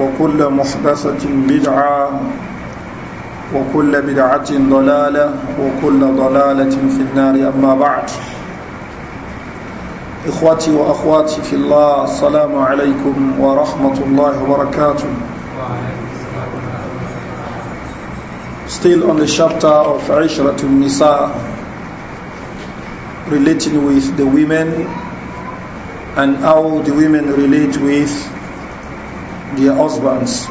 وكل محدثة بدعة وكل بدعة ضلالة وكل ضلالة في النار أما بعد إخوتي وأخواتي في الله السلام عليكم ورحمة الله وبركاته Still on the chapter of Aishra to Nisa relating with the women and how the women relate with their husbands.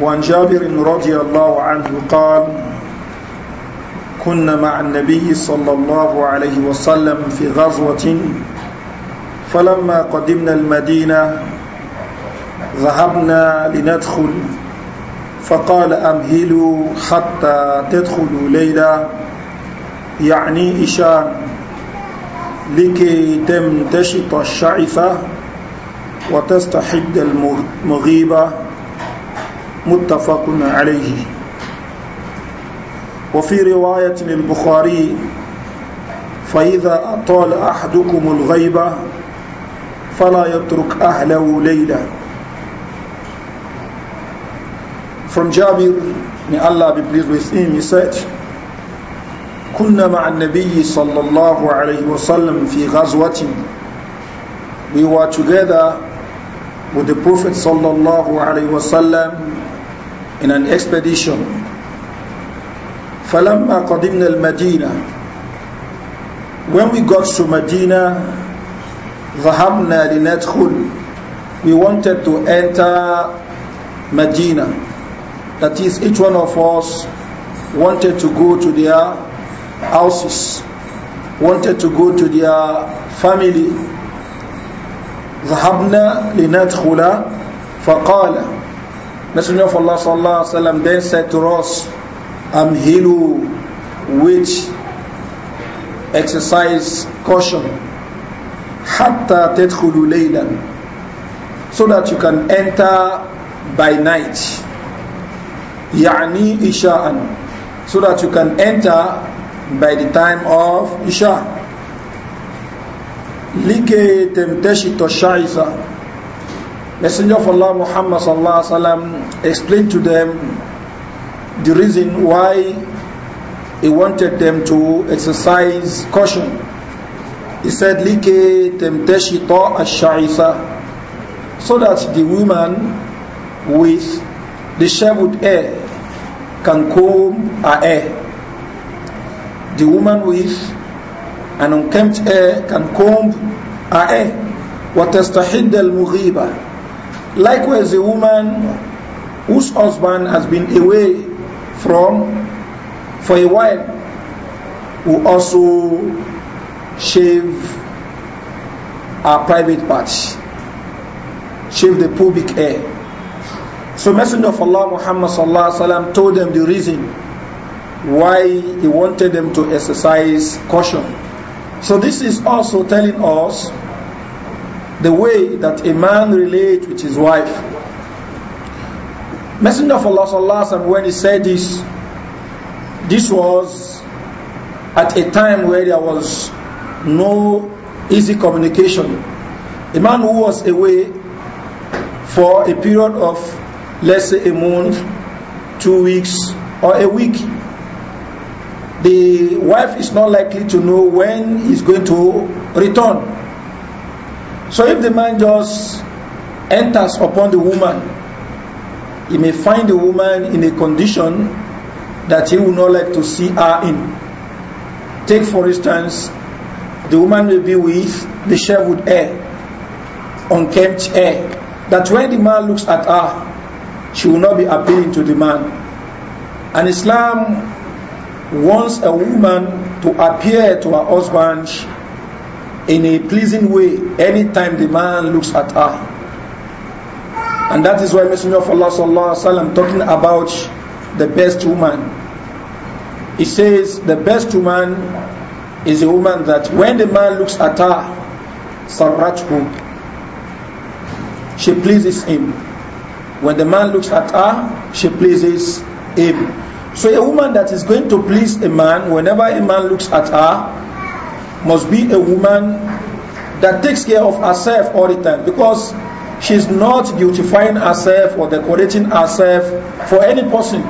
وعن جابر رضي الله عنه قال كنا مع النبي صلى الله عليه وسلم في غزوة فلما قدمنا المدينة ذهبنا لندخل فقال أمهلوا حتى تدخلوا ليلة يعني إشان لكي تمتشط الشعفة وتستحد المغيبة متفق عليه وفي رواية للبخاري فإذا أطال أحدكم الغيبة فلا يترك أهله ليلة From Jabir, may Allah be pleased with him, he said, كنا مع النبي صلى الله عليه وسلم في غزوة we were together with the Prophet صلى الله عليه وسلم in an expedition فلما قدمنا المدينة when we got to Medina ذهبنا لندخل we wanted to enter Medina that is each one of us wanted to go to their houses wanted to go to their family ذهبنا لندخل فقال Messenger of Allah sallallahu alaihi wasallam then said to us amhilu which exercise caution hatta tadkhulu laylan so that you can enter by night يعني isha'an so that you can enter by the time of Isha. Like to toshaisa. Messenger of Allah Muhammad sallallahu alaihi wasallam explained to them the reason why he wanted them to exercise caution. He said, "Like temptation to ashaisa," so that the woman with the shaved hair can comb her hair the woman with an unkempt hair can comb her hair. وَتَسْتَحِدَّ الْمُغِيبَ Likewise, a woman whose husband has been away from for a while will also shave her private parts, shave the pubic hair. So Messenger of Allah Muhammad sallallahu alaihi wasallam told them the reason why he wanted them to exercise caution. So this is also telling us the way that a man relates with his wife. Messenger of Allah sallallahu alaihi when he said this, this was at a time where there was no easy communication. A man who was away for a period of let's say a month, two weeks, or a week the wife is not likely to know when he's going to return. So if the man just enters upon the woman, he may find the woman in a condition that he would not like to see her in. Take for instance, the woman may be with the sherwood hair, unkempt hair, that when the man looks at her, she will not be appealing to the man. And Islam wants a woman to appear to her husband in a pleasing way anytime the man looks at her. And that is why Messenger of Allah sallallahu alaihi wasallam talking about the best woman. He says the best woman is a woman that when the man looks at her, sarrathu, she pleases him. When the man looks at her, she pleases him. So a woman that is going to please a man, whenever a man looks at her, must be a woman that takes care of herself all the time because she's not beautifying herself or decorating herself for any person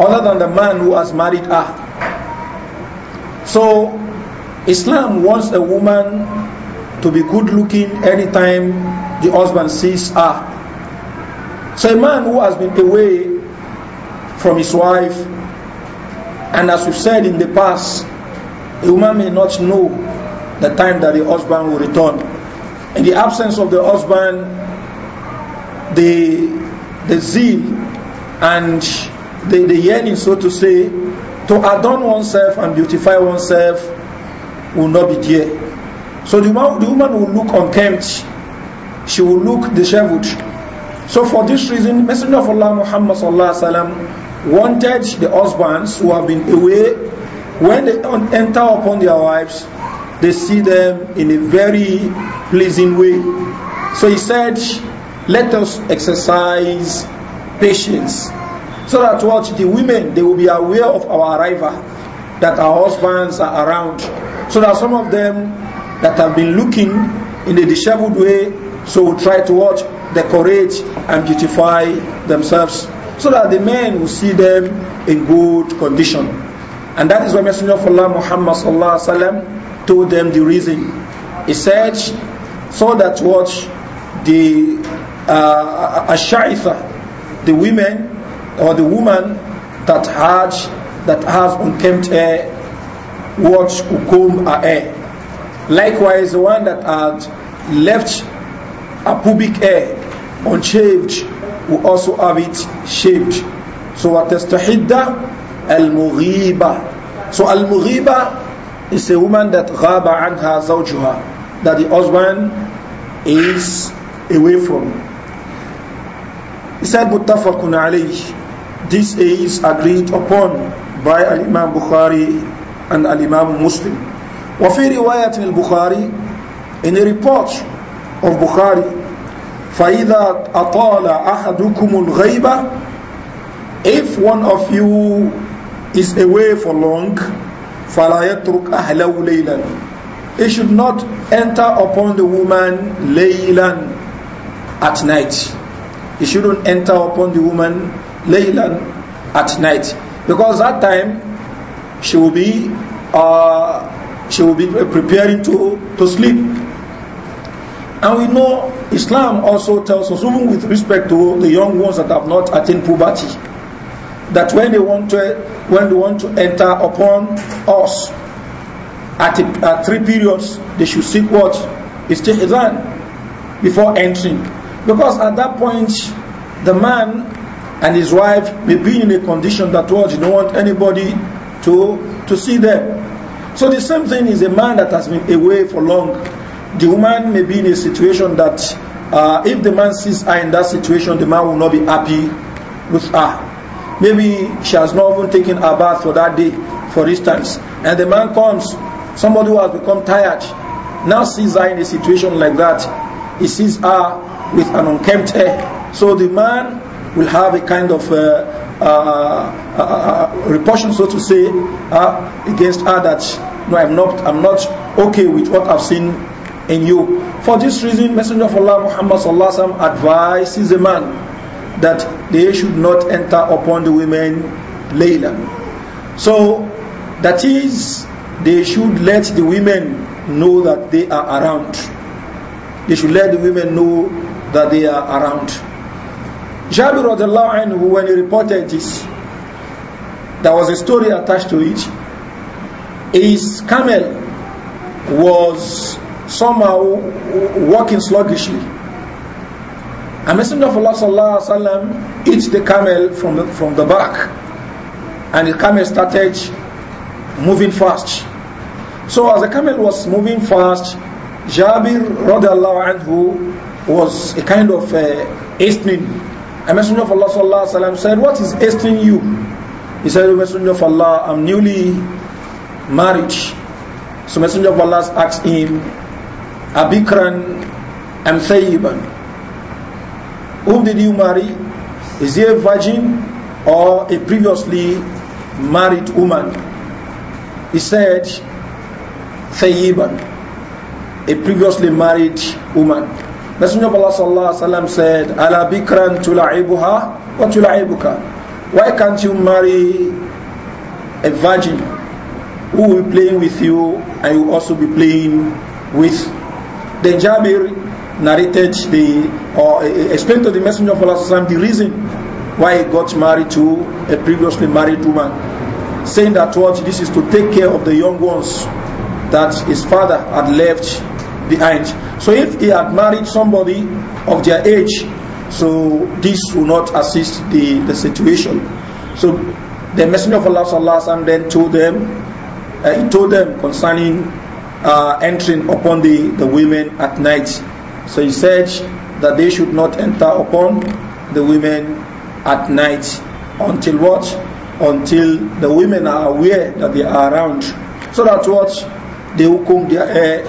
other than the man who has married her. So Islam wants a woman to be good looking anytime the husband sees her. So a man who has been away from his wife And as we said in the past, a woman may not know the time that the husband will return. In the absence of the husband, the, the zeal and the, the yearning, so to say, to adorn oneself and beautify oneself will not be there. So the woman, the woman will look unkempt, she will look disheveled. So for this reason, Messenger of Allah Muhammad sallallahu alaihi wasallam wanted the husbands who have been away, when they enter upon their wives, they see them in a very pleasing way. So he said, Let us exercise patience so that what the women they will be aware of our arrival, that our husbands are around. So that some of them that have been looking in a disheveled way, so will try to watch, decorate, and beautify themselves so that the men will see them in good condition. And that is why Messenger of Allah Muhammad sallallahu told them the reason. He said, so that what the uh, the women or the woman that had that has unkempt hair, what comb her hair. Likewise, the one that had left a pubic hair unshaved who also have it shaped. So what is watastahidda al-mughiba. So al-mughiba is a woman that ghaba anha zawjuha, that the husband is away from. He said muttafaqun alayh. This is agreed upon by al-Imam Bukhari and al-Imam Muslim. وفي رواية البخاري in a report of Bukhari فَإِذَا أَطَالَ أَحَدُكُمُ If one of you is away for long, فَلَا يَتْرُكْ أَهْلَهُ لَيْلًا He should not enter upon the woman laylan at night. He shouldn't enter upon the woman laylan at night. Because that time she will be uh, she will be preparing to, to sleep And we know Islam also tells us, even with respect to the young ones that have not attained puberty, that when they want to, when they want to enter upon us at, a, at three periods, they should seek what? Istihzan before entering. Because at that point, the man and his wife may be in a condition that was you don't want anybody to, to see them. So the same thing is a man that has been away for long the woman may be in a situation that uh, if the man sees her in that situation, the man will not be happy with her. Maybe she has not even taken a bath for that day, for instance. And the man comes, somebody who has become tired, now sees her in a situation like that. He sees her with an unkempt hair. So the man will have a kind of uh, uh, uh, uh, uh repulsion, so to say, uh, against her that no, I'm not, I'm not okay with what I've seen in you. For this reason, Messenger of Allah Muhammad sallallahu advises a man that they should not enter upon the women layla. So that is, they should let the women know that they are around. They should let the women know that they are around. Jabir radiallahu anhu, when he reported this, there was a story attached to it. His camel was some are walking sluggishly. A messenger of Allah sallallahu alaihi wasallam eats the camel from the, from the back, and the camel started moving fast. So as the camel was moving fast, Jabir radiallahu anhu was a kind of uh, hastening. A messenger of Allah sallallahu alaihi wasallam said, "What is hastening you?" He said, "O oh, messenger of Allah, I'm newly married." So messenger of Allah asked him, Abikran am Thayyiban. Whom did you marry? Is he a virgin or a previously married woman? He said, Thayyiban a previously married woman. Messenger of Allah sallallahu alaihi wasallam said, "Ala bikran tula'ibuha wa tula'ibuka." Why can't you marry a virgin who will be playing with you and you also be playing with then Jabir narrated the, or eh, eh, explained to the Messenger of Allah the reason why he got married to a previously married woman, saying that what this is to take care of the young ones that his father had left behind. So if he had married somebody of their age, so this will not assist the, the situation. So the Messenger of Allah then told them, uh, he told them concerning uh, entering upon the, the women at night. So he said that they should not enter upon the women at night until what? Until the women are aware that they are around. So that what? They will comb their hair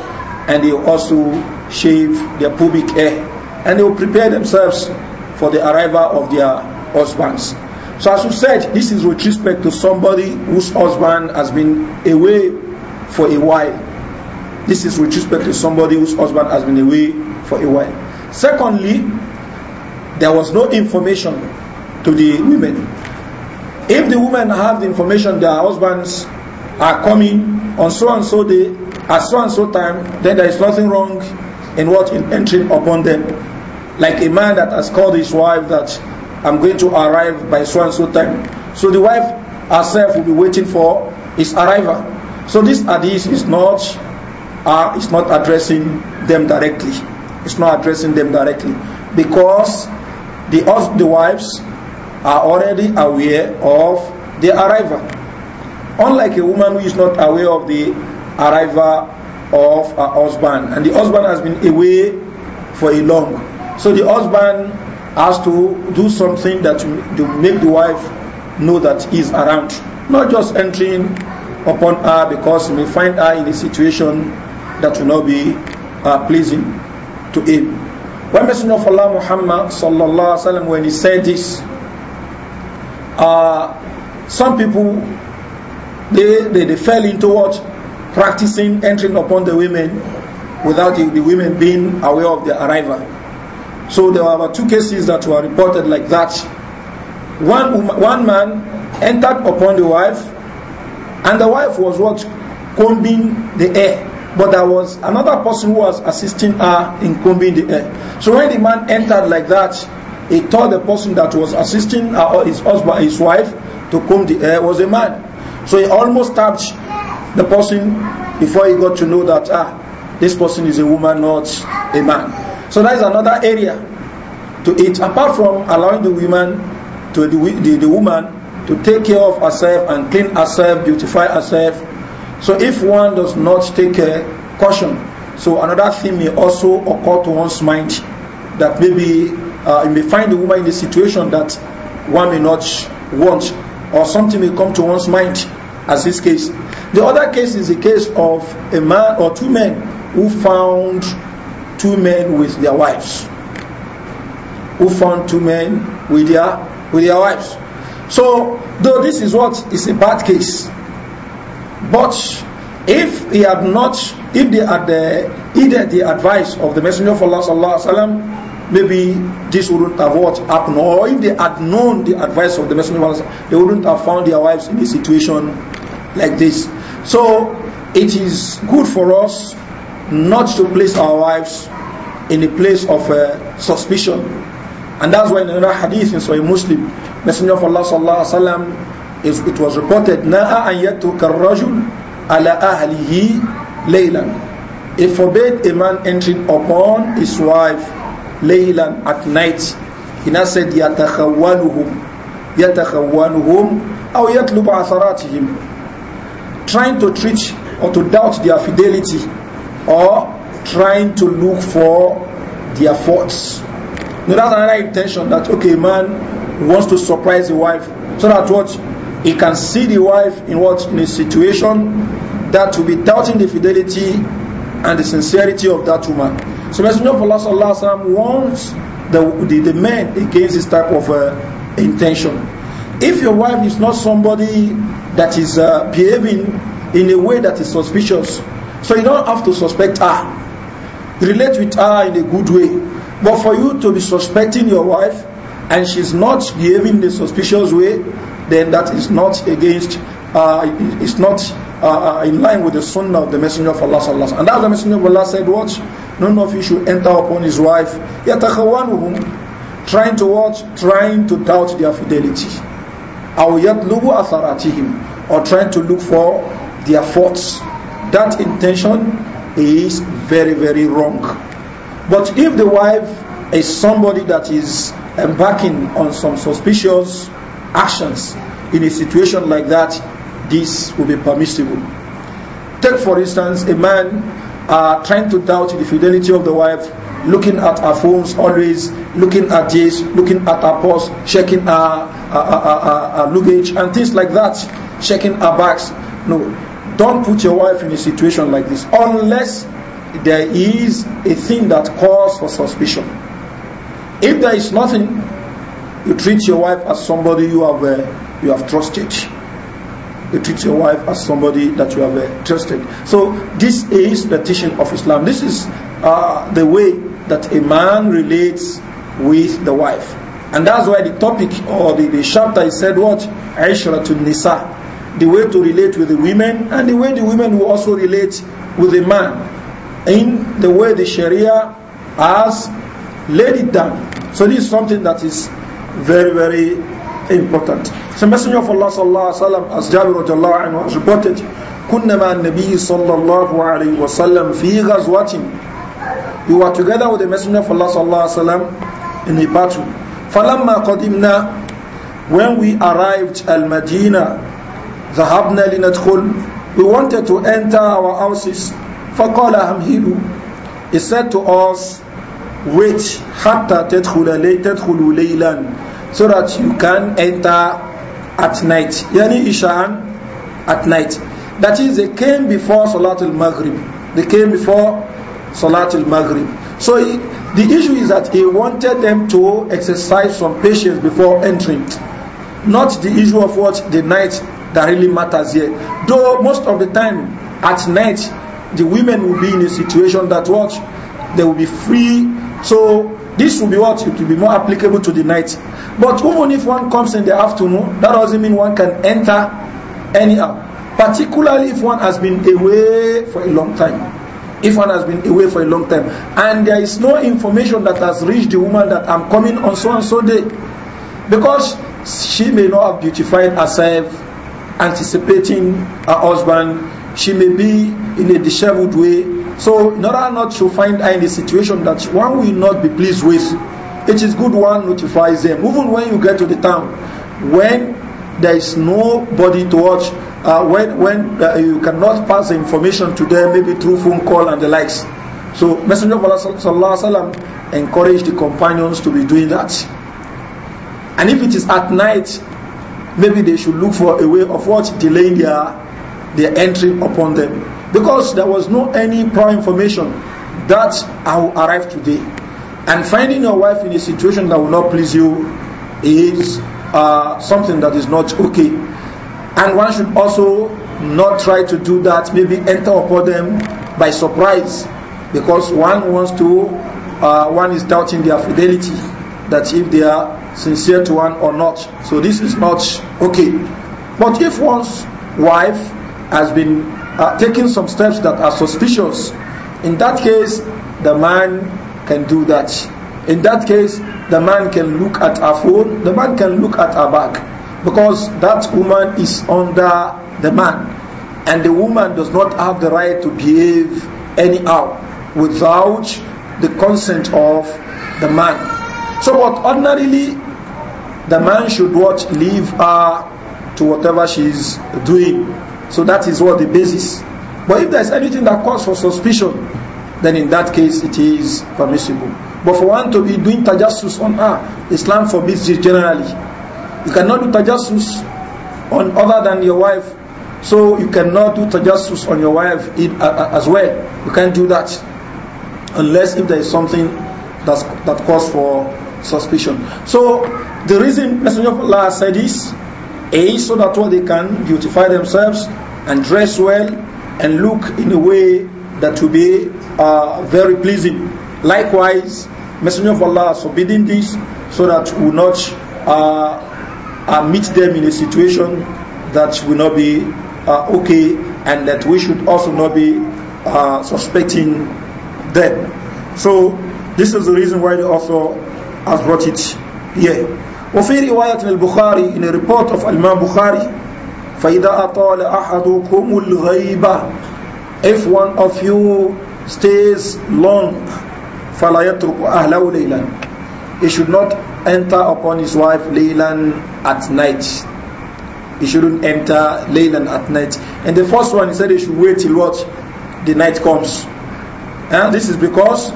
and they will also shave their pubic hair and they will prepare themselves for the arrival of their husbands. So as we said, this is with respect to somebody whose husband has been away for a while. This is with respect to somebody whose husband has been away for a while. Secondly, there was no information to the women. If the women have the information their husbands are coming on so and so day, at so and so time, then there is nothing wrong in what in entering upon them. Like a man that has called his wife that I'm going to arrive by so and so time. So the wife herself will be waiting for his arrival. So this hadith is not uh, it's not addressing them directly. It's not addressing them directly because the the wives are already aware of the arrival. Unlike a woman who is not aware of the arrival of her husband, and the husband has been away for a long, so the husband has to do something that to make the wife know that he's around, not just entering upon her because he may find her in a situation that will not be uh, pleasing to him. When Messenger of Allah Muhammad sallallahu alaihi wasallam when he said this, uh, some people they, they, they fell into what practicing entering upon the women without the, the women being aware of their arrival. So there were two cases that were reported like that. One one man entered upon the wife, and the wife was what combing the hair but there was another person who was assisting her in combing the hair. So when the man entered like that, he told the person that was assisting her, his husband, his wife, to comb the hair was a man. So he almost stabbed the person before he got to know that ah, this person is a woman, not a man. So that is another area to it. Apart from allowing the woman to the, the, the woman to take care of herself and clean herself, beautify herself, so if one does not take a caution, so another thing may also occur to one's mind that maybe uh, you may find the woman in a situation that one may not want, or something may come to one's mind as this case. The other case is the case of a man or two men who found two men with their wives. Who found two men with their with their wives. So though this is what is a bad case, but if he had not, if they had either uh, heeded the advice of the Messenger of Allah sallallahu maybe this wouldn't have what happened. Or if they had known the advice of the Messenger of Allah, they wouldn't have found their wives in a situation like this. So it is good for us not to place our wives in a place of uh, suspicion. And that's why in another hadith in Sahih Muslim, Messenger of Allah sallallahu is it was reported na'a an yatruka ala ahlihi laylan it forbade a man entering upon his wife laylan at night he now said yatakhawwaluhum yatakhawwaluhum aw yatlubu atharatihim trying to treat or to doubt their fidelity or trying to look for their faults now that's another intention that okay man wants to surprise a wife so that what he can see the wife in what in a situation that will be doubting the fidelity and the sincerity of that woman. So Messenger of Allah Sallallahu Alaihi Wasallam warns the, the, the man against this type of uh, intention. If your wife is not somebody that is uh, behaving in a way that is suspicious, so you don't have to suspect her. Relate with her in a good way. But for you to be suspecting your wife and she's not behaving in a suspicious way, then that is not against, uh, it's not uh, uh, in line with the sunnah of the Messenger of Allah sallallahu And that's the Messenger of Allah said, what? None of you should enter upon his wife. يَتَخَوَّنُهُمْ Trying to watch, Trying to doubt their fidelity. أَوْ يَطْلُبُ أَثَرَاتِهِمْ Or trying to look for their faults. That intention is very, very wrong. But if the wife is somebody that is embarking on some suspicious actions in a situation like that, this will be permissible. Take, for instance, a man uh, trying to doubt the fidelity of the wife, looking at her phones always, looking at this, looking at her purse, checking her, her, her, her, luggage, and things like that, checking her bags. No, don't put your wife in a situation like this unless there is a thing that calls for suspicion. If there is nothing, you treat your wife as somebody you have uh, you have trusted. You treat your wife as somebody that you have uh, trusted. So this is the teaching of Islam. This is uh, the way that a man relates with the wife. And that's why the topic or the, the chapter is said what? to Nisa. The way to relate with the women and the way the women will also relate with the man in the way the Sharia has laid it down. So this is something that is very, very important. So Messenger of Allah sallallahu alaihi wasallam, as Jabir radiallahu anhu has reported, كنا النبي صلى الله عليه وسلم في غزوة. We were together with the Messenger of Allah sallallahu alaihi wasallam in a battle. فلما قدمنا when we arrived al Medina, ذهبنا لندخل we wanted to enter our houses. فقال همهل he said to us wait hatta tadkhulu laylan so that you can enter at night yani ishan at night that is they came before salatul maghrib they came before salatul maghrib so he, the issue is that he wanted them to exercise some patience before entering not the issue of what the night that really matters here though most of the time at night the women will be in a situation that what they will be free So this will be what? It will be more applicable to the night. But even if one comes in the afternoon, that doesn't mean one can enter anyhow. Particularly if one has been away for a long time. If one has been away for a long time. And there is no information that has reached the woman that I'm coming on so and so day. Because she may not have beautified herself, anticipating her husband. She may be in a disheveled way So in order not to find any in situation that one will not be pleased with, it is good one notifies them. Even when you get to the town, when there is nobody to watch, uh, when, when uh, you cannot pass the information to them, maybe through phone call and the likes. So Messenger of Allah sallallahu sallam, encouraged the companions to be doing that. And if it is at night, maybe they should look for a way of what delaying their their entry upon them. Because there was no any prior information that I will arrive today. And finding your wife in a situation that will not please you is uh, something that is not okay. And one should also not try to do that, maybe enter upon them by surprise, because one wants to, uh, one is doubting their fidelity, that if they are sincere to one or not. So this is not okay. But if one's wife has been taking some steps that are suspicious, in that case, the man can do that. In that case, the man can look at her phone, the man can look at her back, because that woman is under the man, and the woman does not have the right to behave anyhow without the consent of the man. So, but ordinarily, the man should watch, leave her to whatever she's doing so that is what the basis. But if there's anything that calls for suspicion, then in that case it is permissible. But for one to be doing tajassus on her, Islam forbids it generally. You cannot do tajassus on other than your wife. So you cannot do tajassus on your wife as well. You can't do that unless if there is something that's, that calls for suspicion. So the reason Messenger of Allah said this age so that what they can beautify themselves and dress well and look in a way that will be uh, very pleasing. Likewise, Messenger of Allah has forbidden this so that we will not uh, uh meet them in a situation that will not be uh, okay and that we should also not be uh, suspecting them. So, this is the reason why the author has brought it here. وفي رواية البخاري in a report of Imam Bukhari فإذا أطال أحدكم الغيبة if one of you stays long فلا يترك أهله ليلا he should not enter upon his wife ليلا at night he shouldn't enter Laylan at night. And the first one, he said he should wait till what? The night comes. And this is because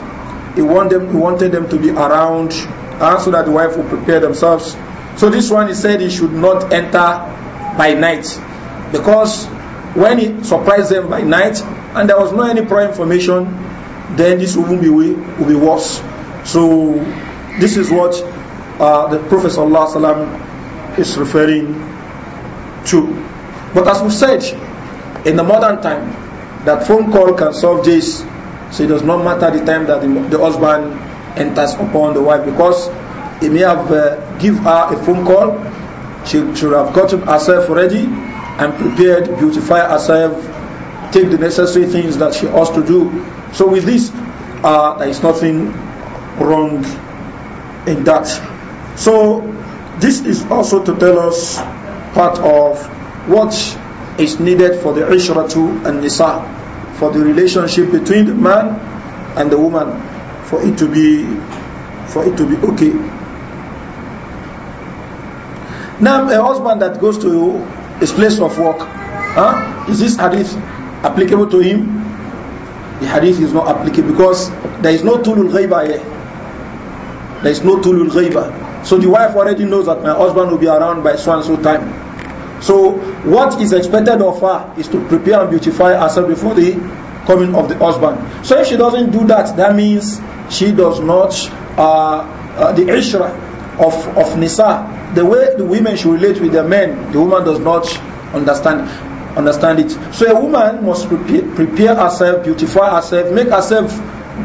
he, want them, he wanted them to be around uh, so that the wife will prepare themselves. So this one he said he should not enter by night because when he surprised them by night and there was no any prior information, then this would be will be worse. So this is what uh, the Prophet ﷺ is referring to. But as we said, in the modern time, that phone call can solve this. So it does not matter the time that the, the husband enters upon the wife because he may have uh, give her a phone call. She should have gotten herself ready and prepared, beautify herself, take the necessary things that she has to do. So with this, uh, there is nothing wrong in that. So this is also to tell us part of what is needed for the ishratu and nisa, for the relationship between the man and the woman for it to be for it to be okay. Now a husband that goes to his place of work, huh? is this hadith applicable to him? The hadith is not applicable because there is no tulul ghaiba here. There is no tulul ghaiba. So the wife already knows that my husband will be around by so and so time. So what is expected of her is to prepare and beautify herself before the coming of the husband. So if she doesn't do that, that means she does not, uh, uh, the ishra of, of Nisa, the way the women should relate with the men, the woman does not understand understand it. So a woman must prepare, prepare herself, beautify herself, make herself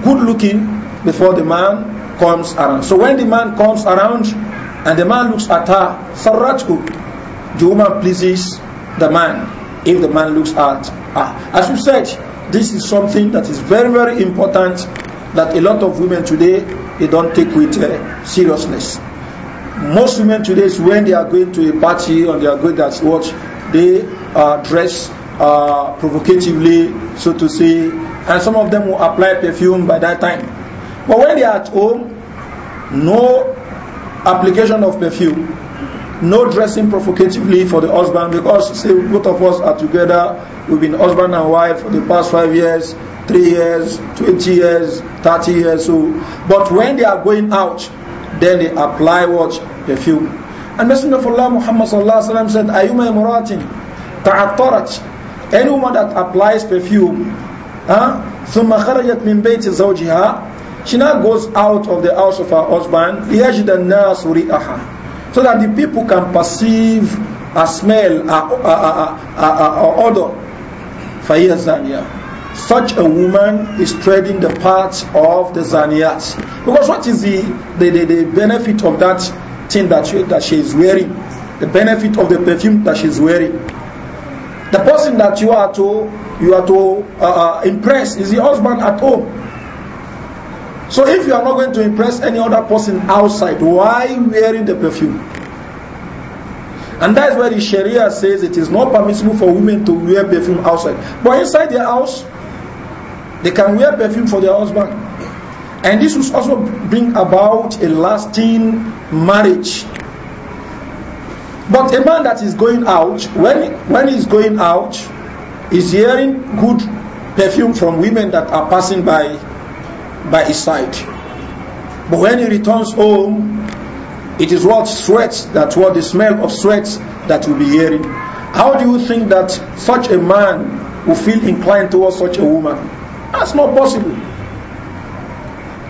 good looking before the man comes around. So when the man comes around and the man looks at her, Saratku, the woman pleases the man if the man looks at her. As you said, this is something that is very, very important that a lot of women today, they don't take with uh, seriousness. Most women today, is when they are going to a party or they are going to watch, they uh, dress uh, provocatively, so to say, and some of them will apply perfume by that time. But when they are at home, no application of perfume, no dressing provocatively for the husband because say both of us are together We've been husband and wife for the past five years, three years, 20 years, 30 years. So, but when they are going out, then they apply what? Perfume. And Messenger of Allah Muhammad sallam, said, Ayuma imuratin ta'attarat. Any woman that applies perfume, ثم خرجت من بيت زوجها She now goes out of the house of her husband ليجد الناس ريحها So that the people can perceive a smell, a, a, a, a, a odor فهي Zaniya. Such a woman is treading the path of the zaniyat. Because what is the, the, the, the benefit of that thing that she, that she is wearing? The benefit of the perfume that she is wearing? The person that you are to you are to uh, uh, impress is your husband at home. So if you are not going to impress any other person outside, why wearing the perfume? And that's why the Sharia says it is not permissible for women to wear perfume outside. But inside their house, they can wear perfume for their husband. And this will also bring about a lasting marriage. But a man that is going out, when, when he's going out, is hearing good perfume from women that are passing by by his side. But when he returns home, it is what sweat, that what the smell of sweat that you'll be hearing. How do you think that such a man will feel inclined towards such a woman? That's not possible.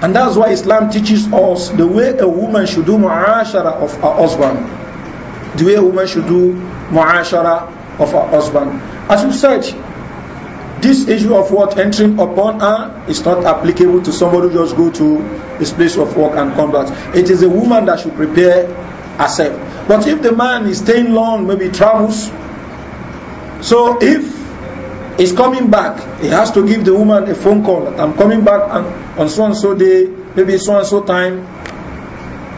And that's why Islam teaches us the way a woman should do mu'ashara of her husband. The way a woman should do mu'ashara of her husband. As you said, this issue of what entering upon her is not applicable to somebody who just go to his place of work and come back. It is a woman that should prepare herself. But if the man is staying long, maybe travels, so if he's coming back, he has to give the woman a phone call. I'm coming back and on so and so day, maybe so and so time,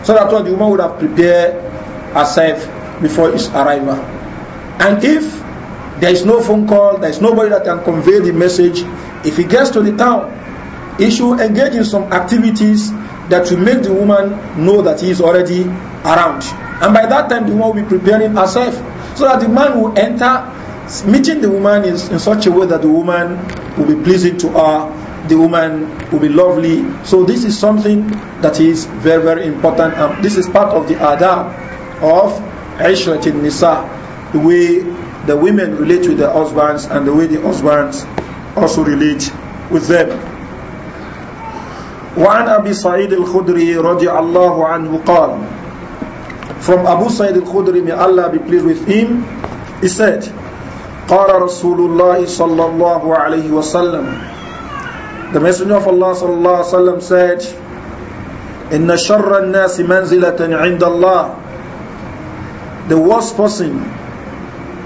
so that what the woman would have prepared herself before his arrival. And if there is no phone call, there is nobody that can convey the message. If he gets to the town, he should engage in some activities that will make the woman know that he is already around. And by that time, the woman will be preparing herself so that the man will enter, meeting the woman in, in such a way that the woman will be pleasing to her, the woman will be lovely. So, this is something that is very, very important. And this is part of the adab of Aishrat in Nisa, the way the women relate with their husbands and the way the husbands also relate with them. وعن أبي سعيد الخدري رضي الله عنه قال From Abu Sa'id al-Khudri, may Allah be pleased with him, he said, قال رسول الله صلى الله عليه وسلم The Messenger of Allah صلى الله عليه وسلم said, إن شر الناس منزلة عند الله The worst person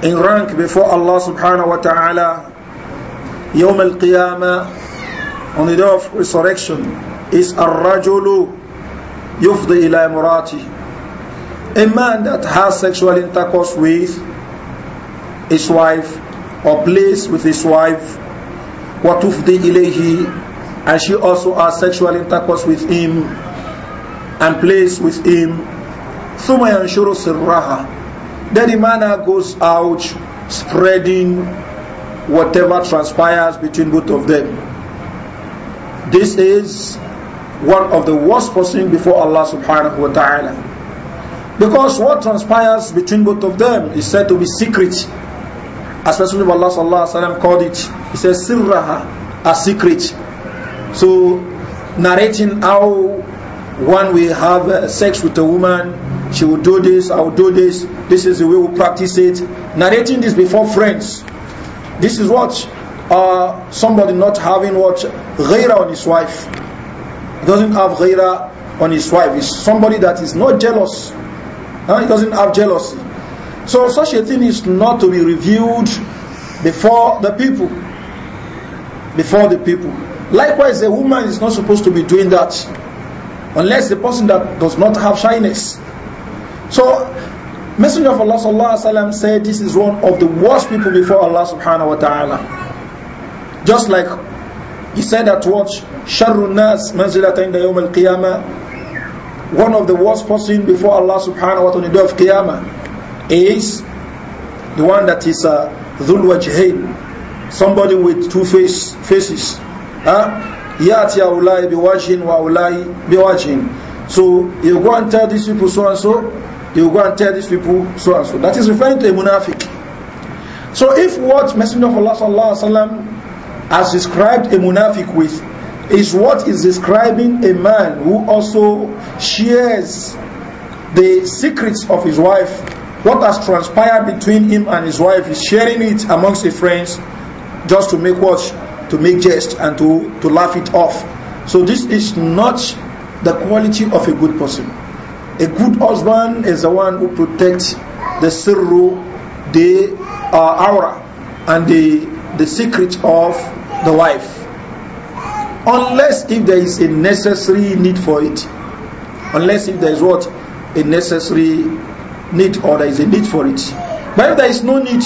in rank before Allah subhanahu wa ta'ala al القيامة on the day of resurrection is الرجل yufdi ila murati, a man that has sexual intercourse with his wife or plays with his wife وتفضي إليه and she also has sexual intercourse with him and plays with him ثم Shuru سرها then the man goes out spreading whatever transpires between both of them. This is one of the worst person before Allah subhanahu wa ta'ala. Because what transpires between both of them is said to be secret. Especially when Allah sallallahu alayhi wa called it, he says sirraha, a secret. So narrating how one will have sex with a woman she will do this, I will do this, this is the way we practice it. Narrating this before friends. This is what uh, somebody not having what ghaira on his wife. He doesn't have ghaira on his wife. It's somebody that is not jealous. Huh? He doesn't have jealousy. So such a thing is not to be reviewed before the people. Before the people. Likewise, a woman is not supposed to be doing that unless the person that does not have shyness So, Messenger of Allah sallallahu alaihi wasallam said this is one of the worst people before Allah subhanahu wa ta'ala. Just like he said that watch, Sharrun nas manzilata inda yawm al One of the worst person before Allah subhanahu wa ta'ala on the day of qiyamah is the one that is uh, dhul wajhain, somebody with two face, faces. Huh? Yati awlai biwajhin wa awlai biwajhin. So you go and tell these people so and so, he will go and tell these people so and so. That is referring to a munafiq. So if what Messenger of Allah sallallahu alaihi wasallam has described a munafiq with is what is describing a man who also shares the secrets of his wife. What has transpired between him and his wife is sharing it amongst his friends just to make what? To make jest and to, to laugh it off. So this is not the quality of a good person. A good husband is the one who protects the sirru, the uh, aura, and the, the secret of the wife. Unless if there is a necessary need for it. Unless if there is what? A necessary need or there is a need for it. But if there is no need,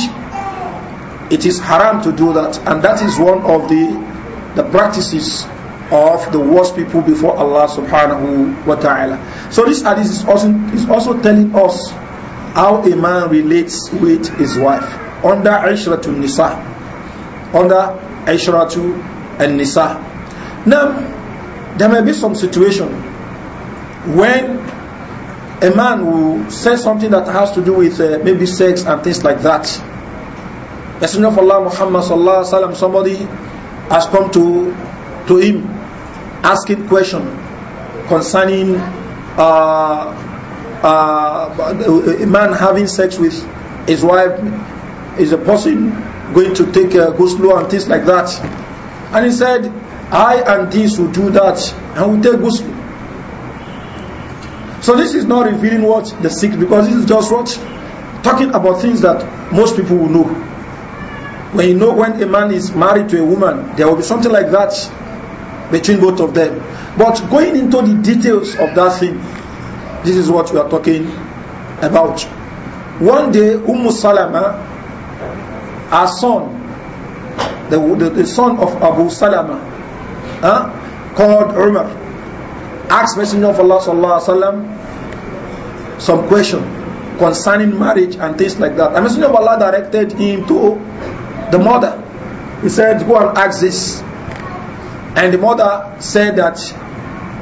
it is haram to do that. And that is one of the, the practices of the worst people before Allah subhanahu wa ta'ala. So this hadith is also, is also telling us how a man relates with his wife under Ishratu Nisa. Under Ishratu and Nisa. Now, there may be some situation when a man will say something that has to do with uh, maybe sex and things like that. Messenger of Allah Muhammad sallallahu alaihi wasallam, somebody has come to to him asking question concerning uh, uh, a man having sex with his wife is a person going to take a uh, ghusl and things like that and he said I and this will do that and will take ghusl so this is not revealing what the sick because this is just what talking about things that most people will know when you know when a man is married to a woman there will be something like that between both of them. But going into the details of that thing, this is what we are talking about. One day, Umm Salama, her son, the, the, the, son of Abu Salama, huh, called Umar, asked Messenger of Allah sallallahu alaihi some question concerning marriage and things like that. And Messenger of Allah directed him to the mother. He said, "Go and ask this." And the mother said that,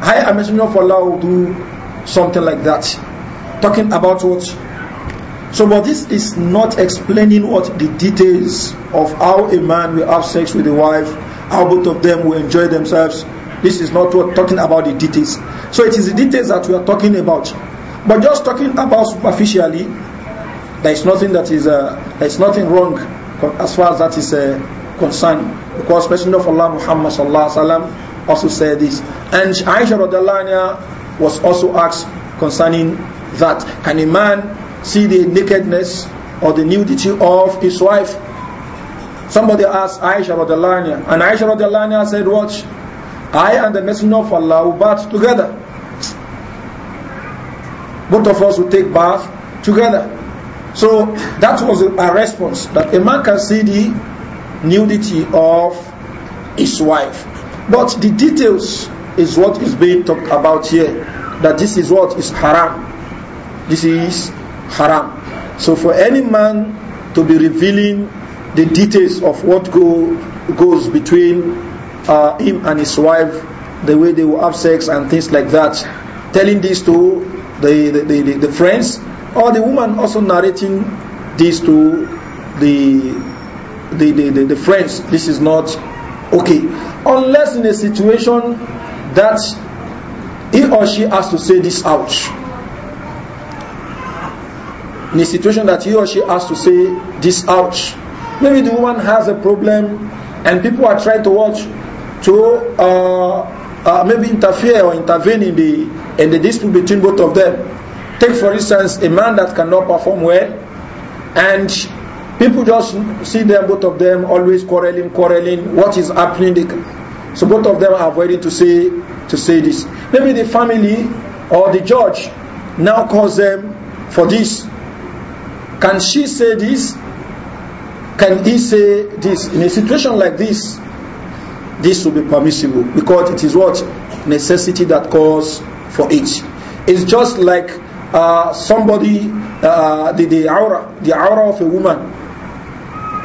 I am messenger of Allah will do something like that. Talking about what? So, but this is not explaining what the details of how a man will have sex with a wife, how both of them will enjoy themselves. This is not what talking about the details. So it is the details that we are talking about. But just talking about superficially, there is nothing that is uh, there is nothing wrong as far as that is uh, concerned. Because Messenger of Allah Muhammad also said this. And Aisha radiallahu was also asked concerning that. Can a man see the nakedness or the nudity of his wife? Somebody asked Aisha radiallahu and Aisha radiallahu said, watch, I and the Messenger of Allah will bath together. Both of us will take bath together. So that was a response that a man can see the nudity of his wife. But the details is what is being talked about here. That this is what is haram. This is haram. So for any man to be revealing the details of what go, goes between uh, him and his wife, the way they will have sex and things like that, telling this to the, the, the, the friends, or the woman also narrating this to the the, the, the, the friends, this is not okay. Unless in a situation that he or she has to say this out. In a situation that he or she has to say this out. Maybe the woman has a problem and people are trying to watch to uh, uh, maybe interfere or intervene in the in the dispute between both of them. Take for instance a man that cannot perform well and People just see them, both of them, always quarreling, quarreling. What is happening? They, so both of them are avoiding to say to say this. Maybe the family or the judge now calls them for this. Can she say this? Can he say this? In a situation like this, this will be permissible because it is what necessity that calls for it. It's just like uh, somebody, uh, the, the aura, the aura of a woman.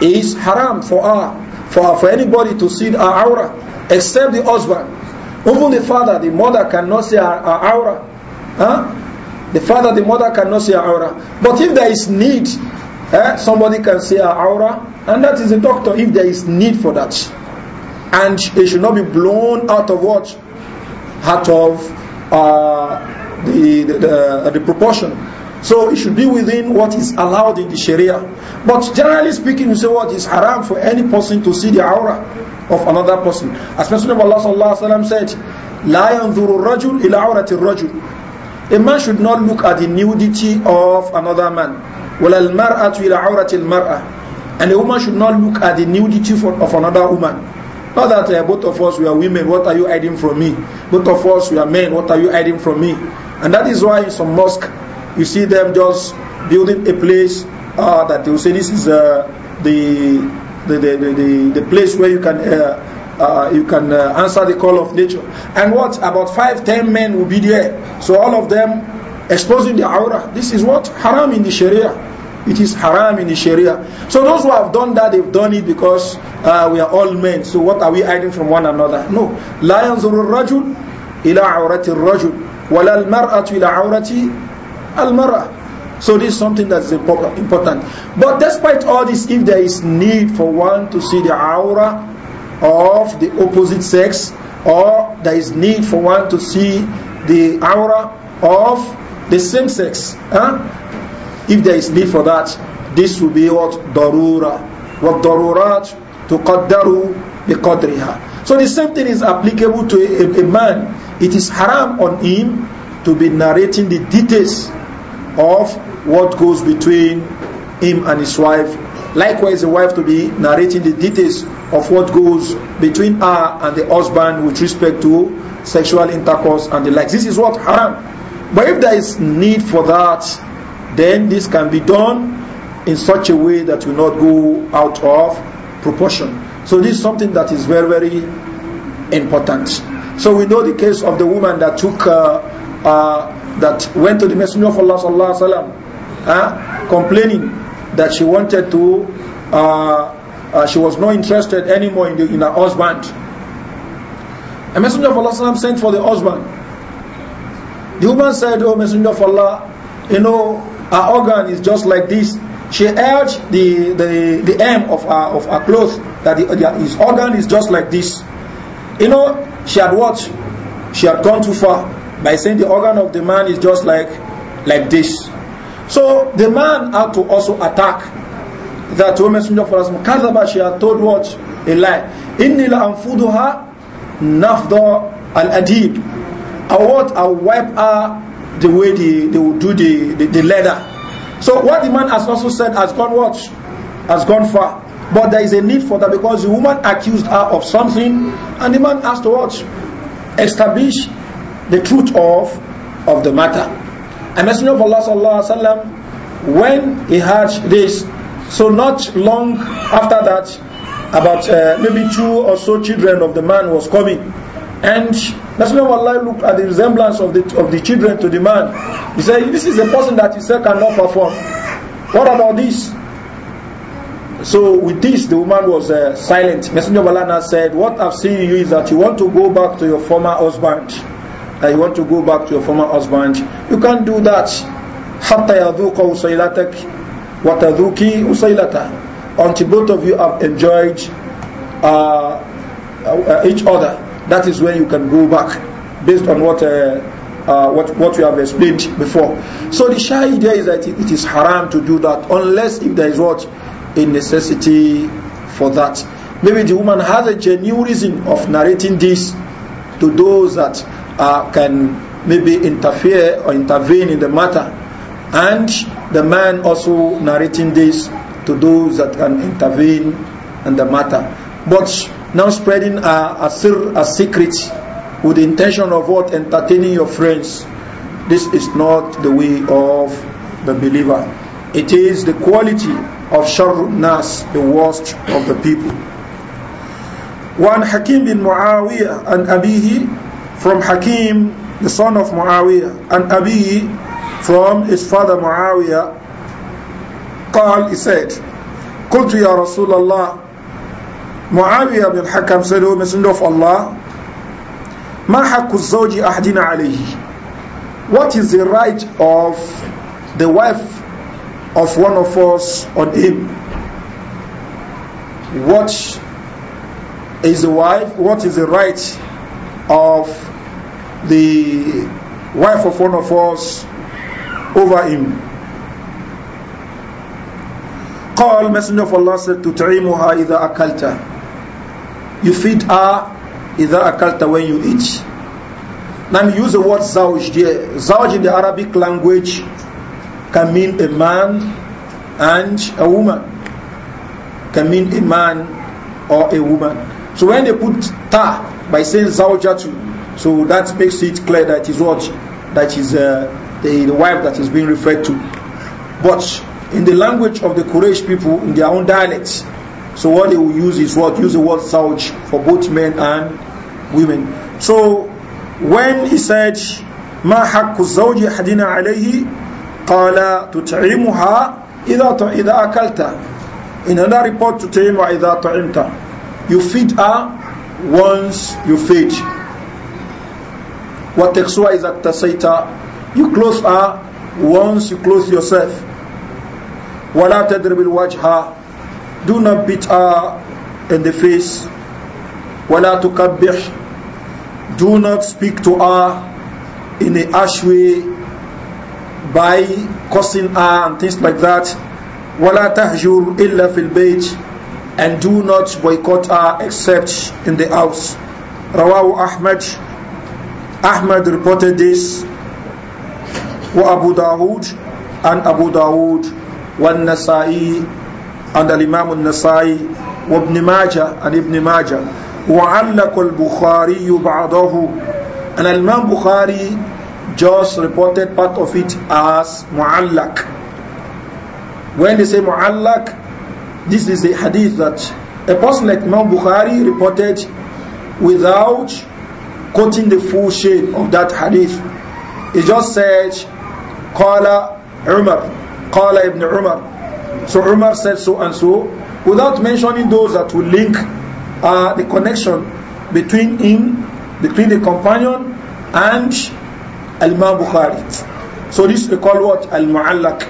It is haram for her, for, for anybody to see her aura, except the husband. Even the father, the mother cannot see her, her aura. Huh? The father, the mother cannot see her aura. But if there is need, eh, somebody can see her aura, and that is the doctor if there is need for that. And it should not be blown out of what? Out of uh, the, the, the, uh, the proportion So it should be within what is allowed in the Sharia. But generally speaking, you say what is haram for any person to see the aura of another person. As Messenger of Allah sallallahu alaihi wasallam said, "La yanzuru rajul ila awrati rajul." A man should not look at the nudity of another man. "Wala maratu ila mara And a woman should not look at the nudity of another woman. Not that uh, both of us we are women, what are you hiding from me? Both of us we are men, what are you hiding from me? And that is why in some mosque you see them just building a place uh, that you say this is uh, the, the, the, the, the place where you can, uh, uh you can uh, answer the call of nature. And what? About five, ten men will be there. So all of them exposing the aura. This is what? Haram in the Sharia. It is haram in the Sharia. So those who have done that, they've done it because uh, we are all men. So what are we hiding from one another? No. لا ينظر الرجل إلى عورة الرجل ولا المرأة إلى عورة al-mar'a. So this is something that's important. But despite all this, if there is need for one to see the aura of the opposite sex, or there is need for one to see the aura of the same sex, huh? if there is need for that, this will be what? Darura. to تُقَدَّرُ بِقَدْرِهَا So the same thing is applicable to a, a, a man. It is haram on him to be narrating the details of what goes between him and his wife. Likewise, the wife to be narrating the details of what goes between her and the husband with respect to sexual intercourse and the like. This is what haram. But if there is need for that, then this can be done in such a way that will not go out of proportion. So this is something that is very, very important. So we know the case of the woman that took uh, uh, that went to the Messenger of Allah sallallahu alaihi wasallam, uh, complaining that she wanted to, uh, uh, she was not interested anymore in, the, in her husband. A Messenger of Allah sent for the husband. The woman said, "Oh Messenger of Allah, you know her organ is just like this." She urged the the the hem of her of her clothes, that the, the, his organ is just like this. You know, she had what? She had gone too far by saying the organ of the man is just like like this. So the man had to also attack that woman messenger for Allah. Kadhaba, she had told what? A lie. Inni la anfuduha nafdo al-adib. I what? I wipe her the way they, they will do the, the, the leather. So what the man has also said has gone what? Has gone far. But there is a need for that because the woman accused her of something and the man has to what? Establish the truth of, of the matter. And messenger of Allah sallallahu alaihi wasallam, when he heard this, so not long after that, about uh, maybe two or so children of the man was coming, and messenger of Allah looked at the resemblance of the of the children to the man. He said, "This is a person that said cannot perform. What about this?" So with this, the woman was uh, silent. Messenger of Allah said, "What I've seen in you is that you want to go back to your former husband." uh, you want to go back to your former husband. You can't do that. حتى يذوق وسيلتك وتذوقي وسيلته until both of you have enjoyed uh, uh each other. That is when you can go back based on what. Uh, uh, what what we have explained before. So the shy idea is that it is haram to do that unless if there is what a necessity for that. Maybe the woman has a genuine reason of narrating this to those that uh, can maybe interfere or intervene in the matter. And the man also narrating this to those that can intervene in the matter. But now spreading a, a, a secret with the intention of what? Entertaining your friends. This is not the way of the believer. It is the quality of Sharrun Nas, the worst of the people. وعن حكيم بن معاوية عن أبيه from Hakim, the son of Muawiyah, and Abi from his father Muawiyah, قال, he said, قلت يا رسول الله Muawiyah bin Hakam said, O Messenger of Allah, ما حق الزوج أحدنا عليه What is the right of the wife of one of us on him? What is the wife? What is the right of the wife of one of us over him. Call Messenger of Allah said to Tarimuha ida akalta. You feed her either akalta when you eat. Now you use the word zawj there. Zawj in the Arabic language can mean a man and a woman. Can mean a man or a woman. So when they put ta by saying zawjatu, so that makes it clear that is what that is uh, the, the wife that is being referred to. But in the language of the Quraysh people, in their own dialects, so what they will use is what use the word sauj for both men and women. So when he said, "Ma hakku zawji hadina alayhi," qala tut'imuha idha idha akalta. In another report, tut'imu idha ta'imta. You feed her once you feed. وَتَقْسُوَا إِذَا اقْتَصَيْتَ You close her once you close yourself. وَلَا تَدْرِبِ الْوَجْهَ Do not beat her in the face. وَلَا تُكَبِّحْ Do not speak to her in a harsh way by cursing her and things like that. وَلَا تَهْجُرْ إِلَّا fil bayt and do not boycott her except in the house. Rawahu Ahmad Ahmad reported this wa Abu Dawood and Abu Dawood wa Nasai and Imam Nasai wa Ibn Majah and Ibn Majah وعلق البخاري بعضه and Imam Bukhari just reported part of it as muallak when they say muallak this is a hadith that a person like Imam Bukhari reported without quoting the full shape of that hadith. He just said, Qala Umar, Qala ibn Umar. So Umar said so and so, without mentioning those that will link uh, the connection between him, between the companion and Al-Imam Bukhari. So this we call what? Al-Mu'allak.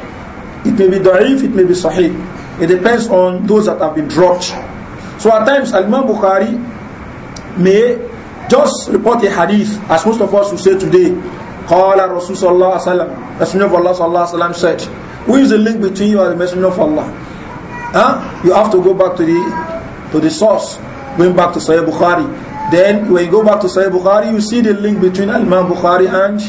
It may be da'if, it may be sahih. It depends on those that have been dropped. So at times Al-Imam Bukhari may just report a hadith, as most of us will say today. قال رسول صلى الله عليه وسلم Messenger of Allah صلى الله عليه وسلم said Who is the link between you and the Messenger of Allah? Huh? You have to go back to the to the source Going back to Sahih Bukhari Then when you go back to Sahih Bukhari You see the link between Imam Bukhari and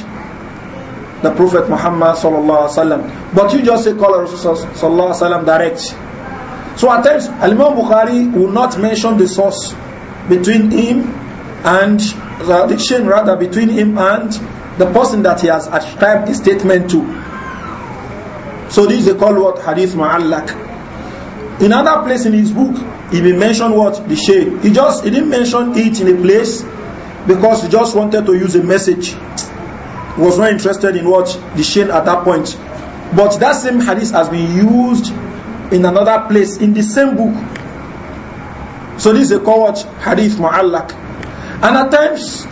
the Prophet Muhammad صلى الله عليه وسلم But you just say call رسول صلى الله عليه وسلم direct So at times Imam Bukhari will not mention the source between him and the chain, rather between him and the person that he has ascribed the statement to. So this is called what hadith ma'allak. In another place in his book, he may mention what the shade. He just he didn't mention it in a place because he just wanted to use a message. He was not interested in what the shade at that point. But that same hadith has been used in another place in the same book. So this is called hadith ma'allak. And at times,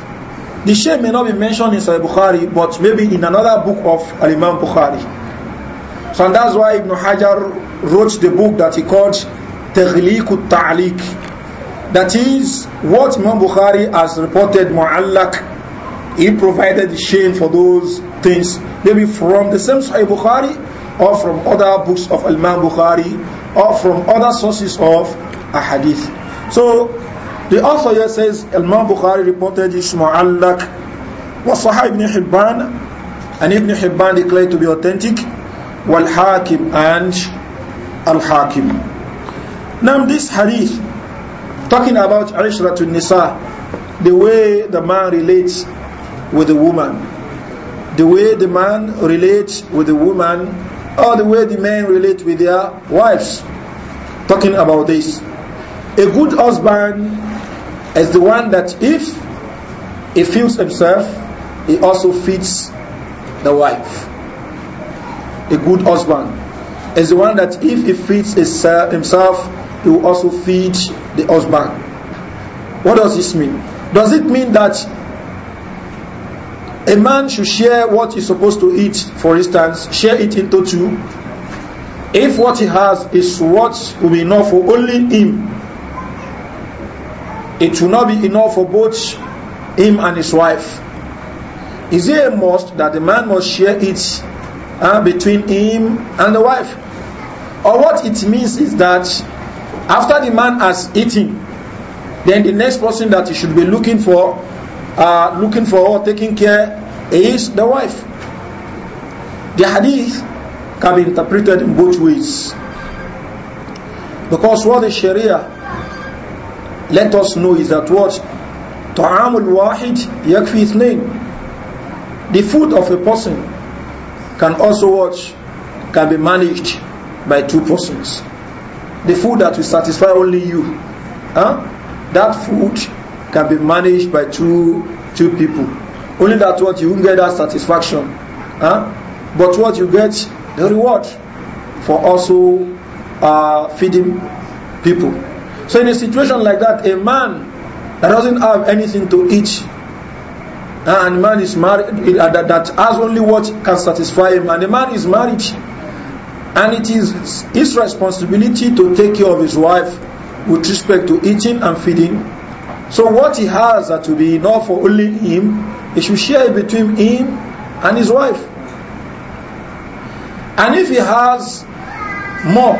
the shame may not be mentioned in Sahih Bukhari, but maybe in another book of Al Imam Bukhari. So and that's why Ibn Hajar wrote the book that he called Taghliq Ta'liq. That is what Imam Bukhari has reported Mu'allak. He provided the shame for those things, maybe from the same Sahih Bukhari or from other books of Al Imam Bukhari or from other sources of a hadith. So The author here says Imam Bukhari reported this mu'allak was Sahih ibn Hibban and Ibn Hibban declared to be authentic wal Hakim and al Hakim. Now this hadith talking about Aishratun Nisa, the way the man relates with the woman, the way the man relates with the woman, or the way the men relate with their wives. Talking about this. A good husband as the one that if he feeds himself, he also feeds the wife. A good husband is the one that if he feeds his, uh, himself, he will also feed the husband. What does this mean? Does it mean that a man should share what he's supposed to eat, for instance, share it into two? If what he has is what will be enough for only him, it will not be enough for both him and his wife. Is it a must that the man must share it uh, between him and the wife? Or what it means is that after the man has eaten, then the next person that he should be looking for, uh, looking for or taking care is the wife. The hadith can be interpreted in both ways. Because what the Sharia let us know is that what ta'amul wahid yakfi ithnain the food of a person can also watch can be managed by two persons the food that will satisfy only you huh? that food can be managed by two two people only that what you get that satisfaction huh? but what you get the reward for also uh, feeding people so in a situation like that, a man that doesn't have anything to eat, uh, and man is married, uh, that, that has only what can satisfy him, and a man is married, and it is his responsibility to take care of his wife with respect to eating and feeding. So what he has that will be enough for only him, he should share between him and his wife. And if he has more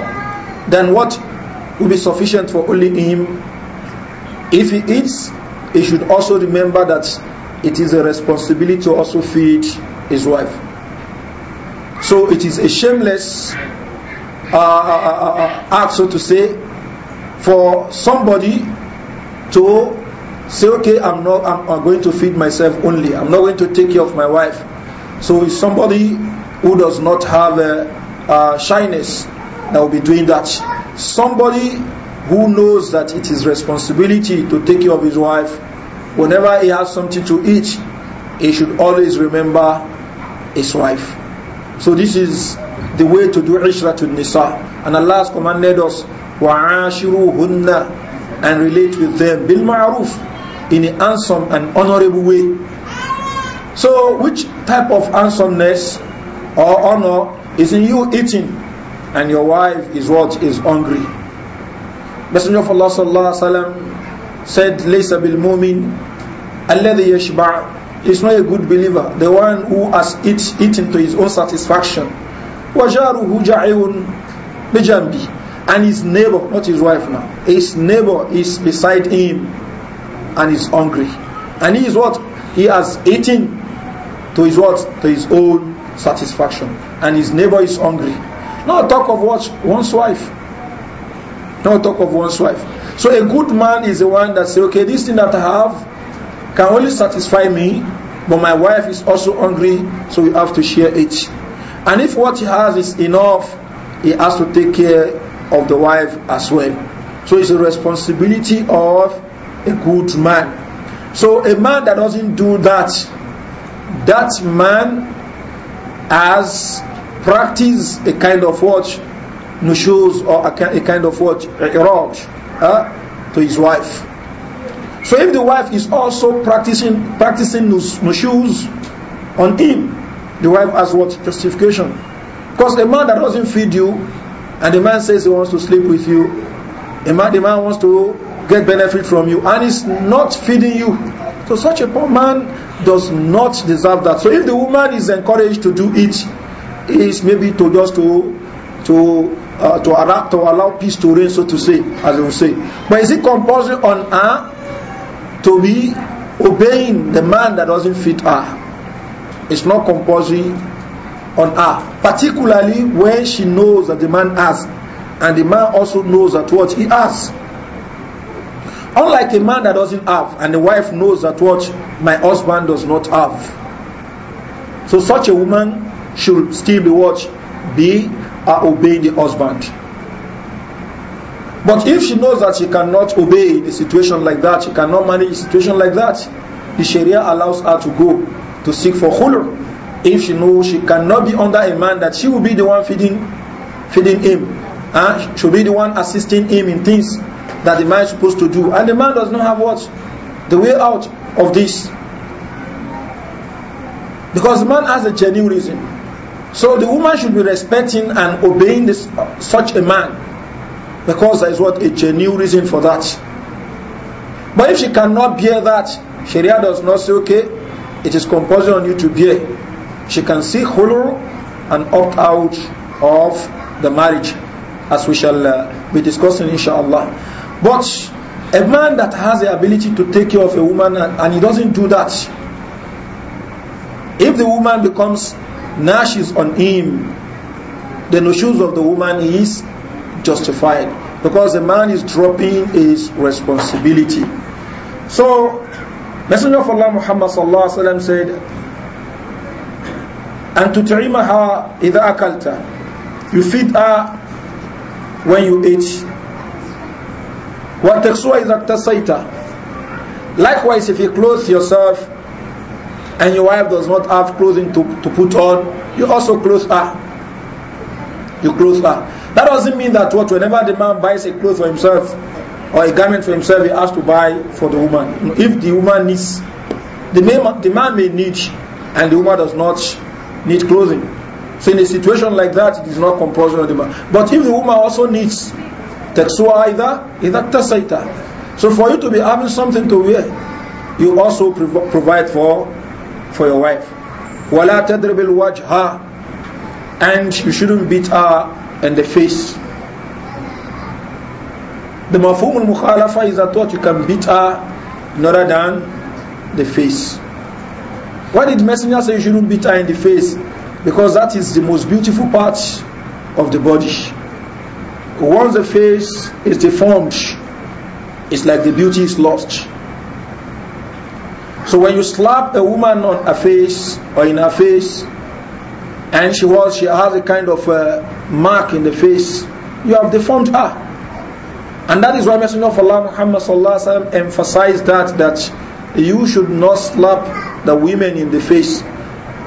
than what will be sufficient for only him. If he eats, he should also remember that it is a responsibility to also feed his wife. So it is a shameless uh, uh, uh, uh act, so to say, for somebody to say, okay, I'm not, I'm, I'm going to feed myself only. I'm not going to take care of my wife. So if somebody who does not have a, a shyness that will be doing that, somebody who knows that it is responsibility to take care of his wife, whenever he has something to eat, he should always remember his wife. So this is the way to do ishratun nisa. And Allah has commanded us, وَعَاشِرُوهُنَّ And relate with them, bil ma'ruf, in a handsome and honorable way. So which type of handsomeness or honor is in you eating? and your wife is what is hungry. Messenger of Allah sallallahu alaihi wasallam said, "Laysa bil mu'min alladhi yashba' is not a good believer, the one who has eat, eaten to his own satisfaction. Wajaruhu ja'un bijambi." And his neighbor, not his wife now, his neighbor is beside him and is hungry. And he is what? He has eaten to his what? To his own satisfaction. And his neighbor is hungry. Now talk of what? One's wife. Now talk of one's wife. So a good man is the one that say, okay, this thing that I have can only satisfy me, but my wife is also hungry, so we have to share it. And if what he has is enough, he has to take care of the wife as well. So it's a responsibility of a good man. So a man that doesn't do that, that man has practice a kind of what? Nushuz or a, kind of what? Iraj huh, eh, to his wife. So if the wife is also practicing practicing nushuz on him, the wife has what? Justification. Because a man that doesn't feed you and the man says he wants to sleep with you, a man, the man wants to get benefit from you and is not feeding you. So such a poor man does not deserve that. So if the woman is encouraged to do it, is maybe to just to to uh, to allow to allow peace to reign, so to say, as you say. But is it compulsory on her to be obeying the man that doesn't fit her? It's not compulsory on her, particularly when she knows that the man has, and the man also knows that what he has. Unlike a man that doesn't have, and the wife knows that what my husband does not have. So such a woman should still be what? Be uh, obeying the husband. But if she knows that she cannot obey in a situation like that, she cannot manage a situation like that, the Sharia allows her to go to seek for khulr. If she knows she cannot be under a man that she will be the one feeding, feeding him, and she'll be the one assisting him in things that the man is supposed to do, and the man does not have what the way out of this, because the man has a genuine reason. So the woman should be respecting and obeying this, uh, such a man because there is what a genuine reason for that. But if she cannot bear that, Sharia does not say, okay, it is compulsory on you to bear. She can seek hulur and opt out of the marriage as we shall uh, be discussing inshallah. But a man that has the ability to take care of a woman and, and he doesn't do that, if the woman becomes gnashes on him, the notions of the woman is justified because the man is dropping his responsibility. So, Messenger of Allah Muhammad said, "And to تطعمها إذا akalta, you feed her when you eat. وتكسوها إذا اكتسيت. Likewise, if you clothe yourself and your wife does not have clothing to, to put on, you also clothes her. You clothe her. That doesn't mean that what whenever the man buys a clothes for himself or a garment for himself, he has to buy for the woman. If the woman needs, the man, the man may need, and the woman does not need clothing. So in a situation like that, it is not compulsory on the man. But if the woman also needs, that's why either either tasaita. So for you to be having something to wear, you also prov provide for for your wife. وَلَا تَدْرِبِ الْوَجْهَ And you shouldn't beat her in the face. The mafhum al-mukhalafa is that what you can beat her rather than the face. Why did Messenger say you shouldn't beat her in the face? Because that is the most beautiful part of the body. Once the face is deformed, it's like the beauty is lost. So when you slap a woman on a face or in her face, and she was she has a kind of a uh, mark in the face, you have deformed her. And that is why Messenger of Allah Muhammad sallallahu emphasized that that you should not slap the women in the face.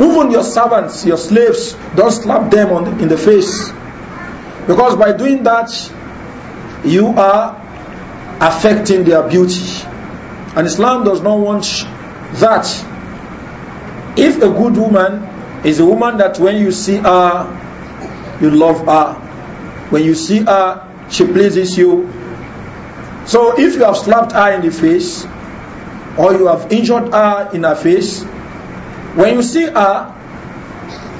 Even your servants, your slaves, don't slap them on the, in the face. Because by doing that, you are affecting their beauty. And Islam does not want that if a good woman is a woman that when you see her, you love her. When you see her, she pleases you. So if you have slapped her in the face, or you have injured her in her face, when you see her,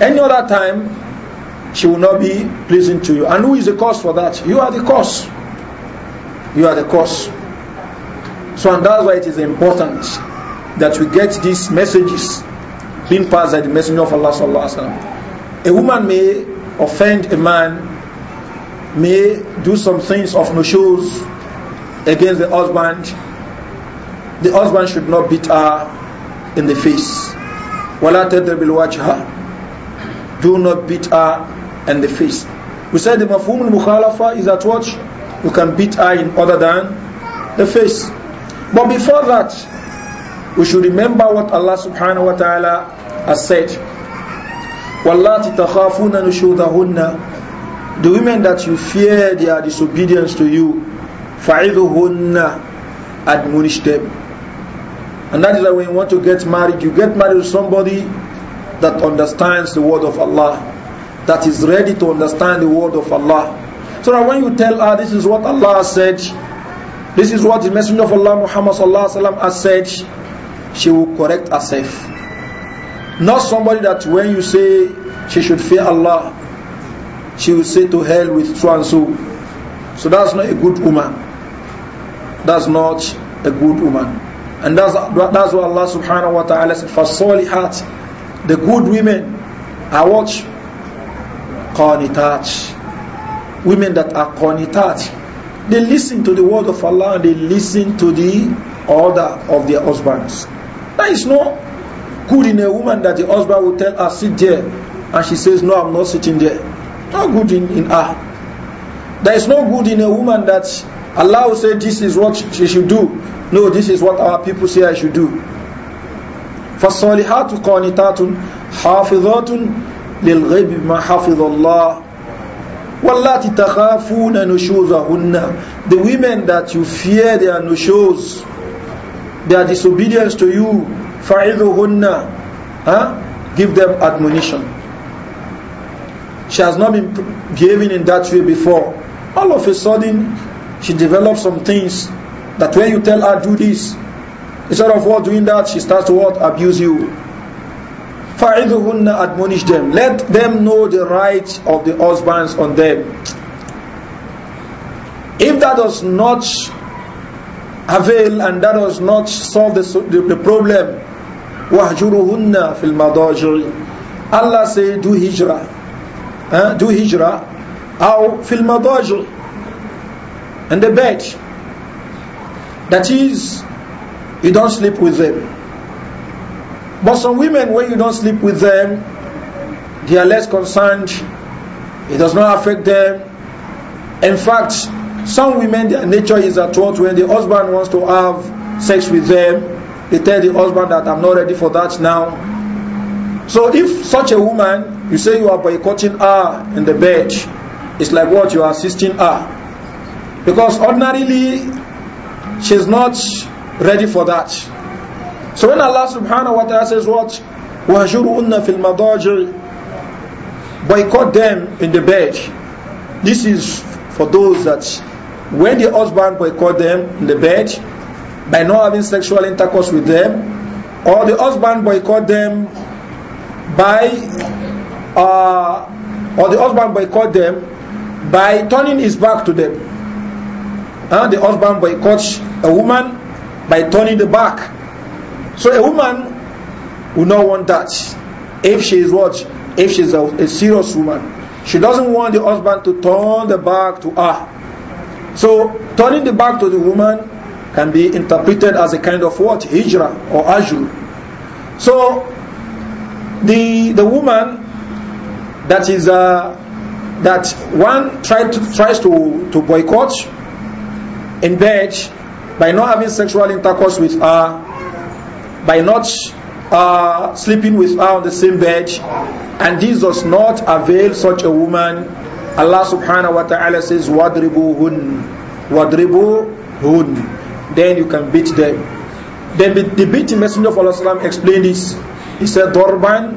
any other time, she will not be pleasing to you. And who is the cause for that? You are the cause. You are the cause. So, and that's why it is important that we get these messages being passed by the messenger of Allah sallallahu wa A woman may offend a man, may do some things of no shows against the husband. The husband should not beat her in the face. وَلَا تَدْرِبِ wajha. Do not beat her in the face. We said the mafhum mukhalafa is at what? You can beat her in other than the face. But before that, we should remember what Allah subhanahu wa ta'ala has said. وَاللَّاتِ تَخَافُونَ نُشُوَذَهُنَّ. The women that you fear their disobedience to you, فَعِذُهُنَّ Admonish them. And that is why when you want to get married, you get married to somebody that understands the word of Allah, that is ready to understand the word of Allah. So that when you tell her this is what Allah said, this is what the Messenger of Allah Muhammad has said, she will correct herself. Not somebody that when you say she should fear Allah, she will say to hell with so and so. So that's not a good woman. That's not a good woman. And that's, that's what Allah subhanahu wa ta'ala said, hurt. The good women are what? Qanitat. Women that are qanitat. They listen to the word of Allah and they listen to the order of their husbands. That is not good in a woman that the husband will tell her, sit there. And she says, no, I'm not sitting there. Not good in, in her. There is no good in a woman that Allah will say, this is what she should do. No, this is what our people say I should do. For salihatu فالصالحات قانتات حافظات للغيب بما حفظ الله واللاتي تخافون نشوزهن The women that you fear their nushuz their disobedience to you, فَعِذُهُنَّ huh? Give them admonition. She has not been behaving in that way before. All of a sudden, she develops some things that when you tell her, do this, instead of what doing that, she starts to what? Abuse you. فَعِذُهُنَّ Admonish them. Let them know the rights of the husbands on them. If that does not avail and that does not solve the, the, the problem. وَهْجُرُهُنَّ فِي Allah say do hijrah. Huh? Do hijrah. Or fil madajr. And the bed. That is, you don't sleep with them. But some women, when you don't sleep with them, they are less concerned. It does not affect them. In fact, some women, their nature is at what when the husband wants to have sex with them, they tell the husband that I'm not ready for that now. So if such a woman, you say you are boycotting her in the bed, it's like what you are assisting her. Because ordinarily, she's not ready for that. So when Allah subhanahu wa ta'ala says what? وَهَجُرُهُنَّ فِي الْمَضَاجِعِ Boycott them in the bed. This is for those that when the husband boycott them in the bed by not having sexual intercourse with them, or the husband boycott them by, uh, or the husband boycott them by turning his back to them. Uh, the husband boycotts a woman by turning the back. So a woman would not want that if she is what? If she is a, a serious woman. She doesn't want the husband to turn the back to her. So turning the back to the woman can be interpreted as a kind of what? Hijrah or ajul. So the the woman that is uh, that one tried to, tries to, to boycott in bed by not having sexual intercourse with her, by not uh, sleeping with her on the same bed, and this does not avail such a woman. Allah subhanahu wa ta'ala says, wadribu hun." Then you can beat them. Then the beating messenger of Allah explained this. He said, ضَرْبًا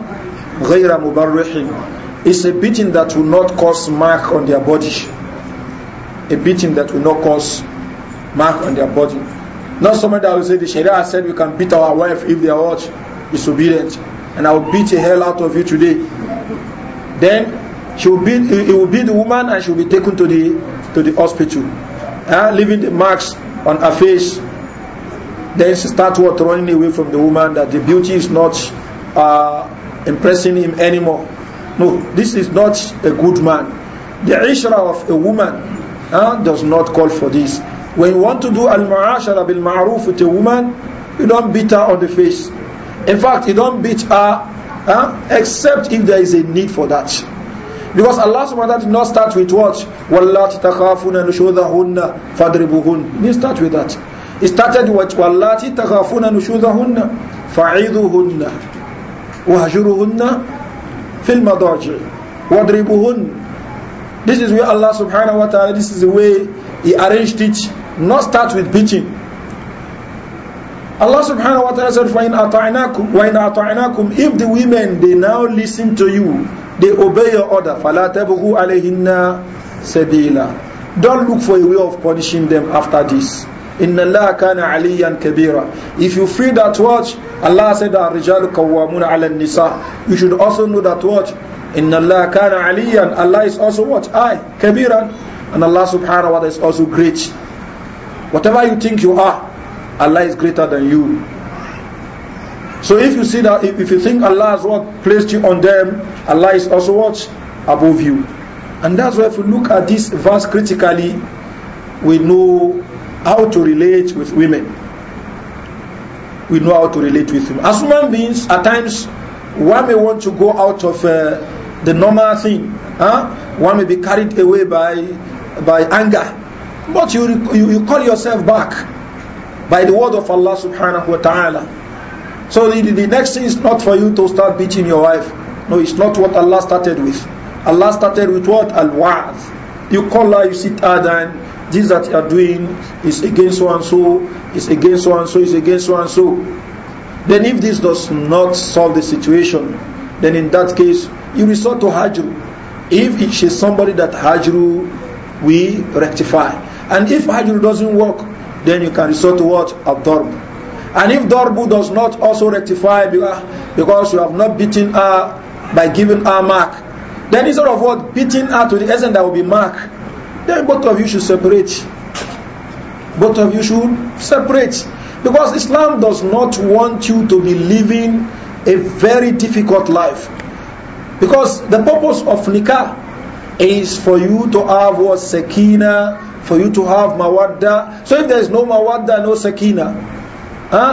ghayra مُبَرِّحٍ It's a beating that will not cause mark on their body. A beating that will not cause mark on their body. Not someone that will say, the Sharia said we can beat our wife if they are what? Disobedient and I will beat the hell out of you today. Then she will beat, he will beat the woman and she will be taken to the, to the hospital, uh, leaving the marks on her face. Then she starts running away from the woman that the beauty is not uh, impressing him anymore. No, this is not a good man. The ishra of a woman uh, does not call for this. When you want to do al-ma'ashara bil-ma'ruf with a woman, you don't beat her on the face. In fact, you don't beat her huh? except if there is a need for that. Because Allah subhanahu wa ta'ala did not start with what? وَاللَّاتِ تَخَافُونَ نُشُوذَهُنَّ fadribuhun. He didn't start with that. He started with وَاللَّاتِ تَخَافُونَ نُشُوذَهُنَّ فَعِذُهُنَّ وَهَجُرُهُنَّ fil الْمَضَاجِعِ Wadribuhun. This is where Allah subhanahu wa ta'ala, this is the way He arranged it. Not start with beating. Allah subhanahu wa ta'ala said, وَإِنْ atainakum." If the women, they now listen to you, they obey your order, فَلَا تَبْغُوا عَلَيْهِنَّا سَبِيلًا Don't look for a way of punishing them after this. إِنَّ اللَّهَ كَانَ عَلِيًّا كَبِيرًا If you feel that watch, Allah said, الرِّجَالُ قَوَّامُونَ عَلَى النِّسَاءِ You should also know that watch, إِنَّ اللَّهَ كَانَ عَلِيًّا Allah is also what? I, كَبِيرًا And Allah subhanahu wa ta'ala is also great. Whatever you think you are, Allah is greater than you. So if you see that, if, if you think Allah has what placed you on them, Allah is also what above you. And that's why if we look at this verse critically, we know how to relate with women. We know how to relate with them. As human beings, at times, one may want to go out of uh, the normal thing. Huh? One may be carried away by anger, but you call yourself back by the word of Allah subhanahu wa ta'ala. So the, the next thing is not for you to start beating your wife. No, it's not what Allah started with. Allah started with what? Al-Wa'ad. You call her, you sit her down. This that you are doing is against so and so, is against so and so, is against so and so. Then if this does not solve the situation, then in that case, you resort to Hajru. If it is somebody that Hajru we rectify. And if Hajru doesn't work, then you can resort to what? Abdorb. And if Dorbu does not also rectify ah, because you have not beaten her by giving her mark, then instead of what? Beating her to the essence that will be mark, then both of you should separate. Both of you should separate. Because Islam does not want you to be living a very difficult life. Because the purpose of nikah is for you to have what? Sekina for you to have mawadda. So if there is no mawadda, no sakina,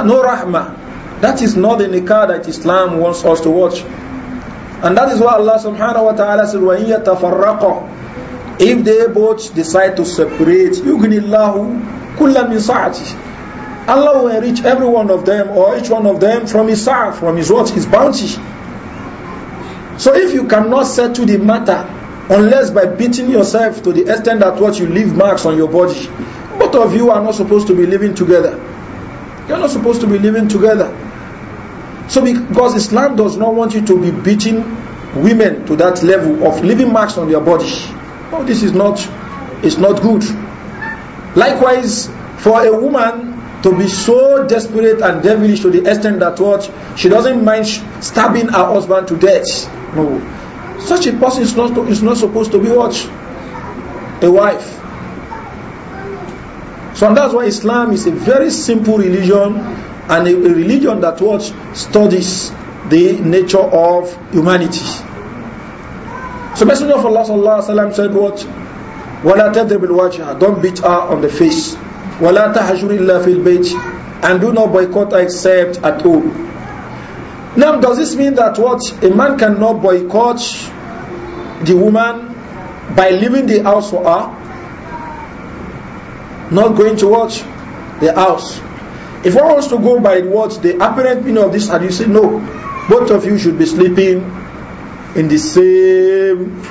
no rahma, that is not the nikah that Islam wants us to watch. And that is why Allah subhanahu wa ta'ala said, وَإِن يَتَفَرَّقَ If they both decide to separate, يُغْنِ اللَّهُ كُلَّ مِنْ Allah will enrich every one of them or each one of them from his side, from his what? His bounty. So if you cannot settle the matter unless by beating yourself to the extent that what you leave marks on your body. Both of you are not supposed to be living together. You're not supposed to be living together. So because Islam does not want you to be beating women to that level of leaving marks on their body. No, oh, this is not it's not good. Likewise, for a woman to be so desperate and devilish to the extent that what she doesn't mind stabbing her husband to death. No. Such a person is not, to, is not supposed to be what? A wife. So and that's why Islam is a very simple religion and a, a religion that what studies the nature of humanity. So Messenger of Allah sallallahu alaihi wasallam said what? وَلَا تَدْرِبِ الْوَجْهَ Don't beat her on the face. وَلَا تَحَجُرِ إِلَّا فِي الْبَيْتِ And do not boycott her except at home. Now, does this mean that what a man cannot boycott the woman by leaving the house for her? Not going to watch the house. If one wants to go by what the apparent meaning of this, and you say no, both of you should be sleeping in the same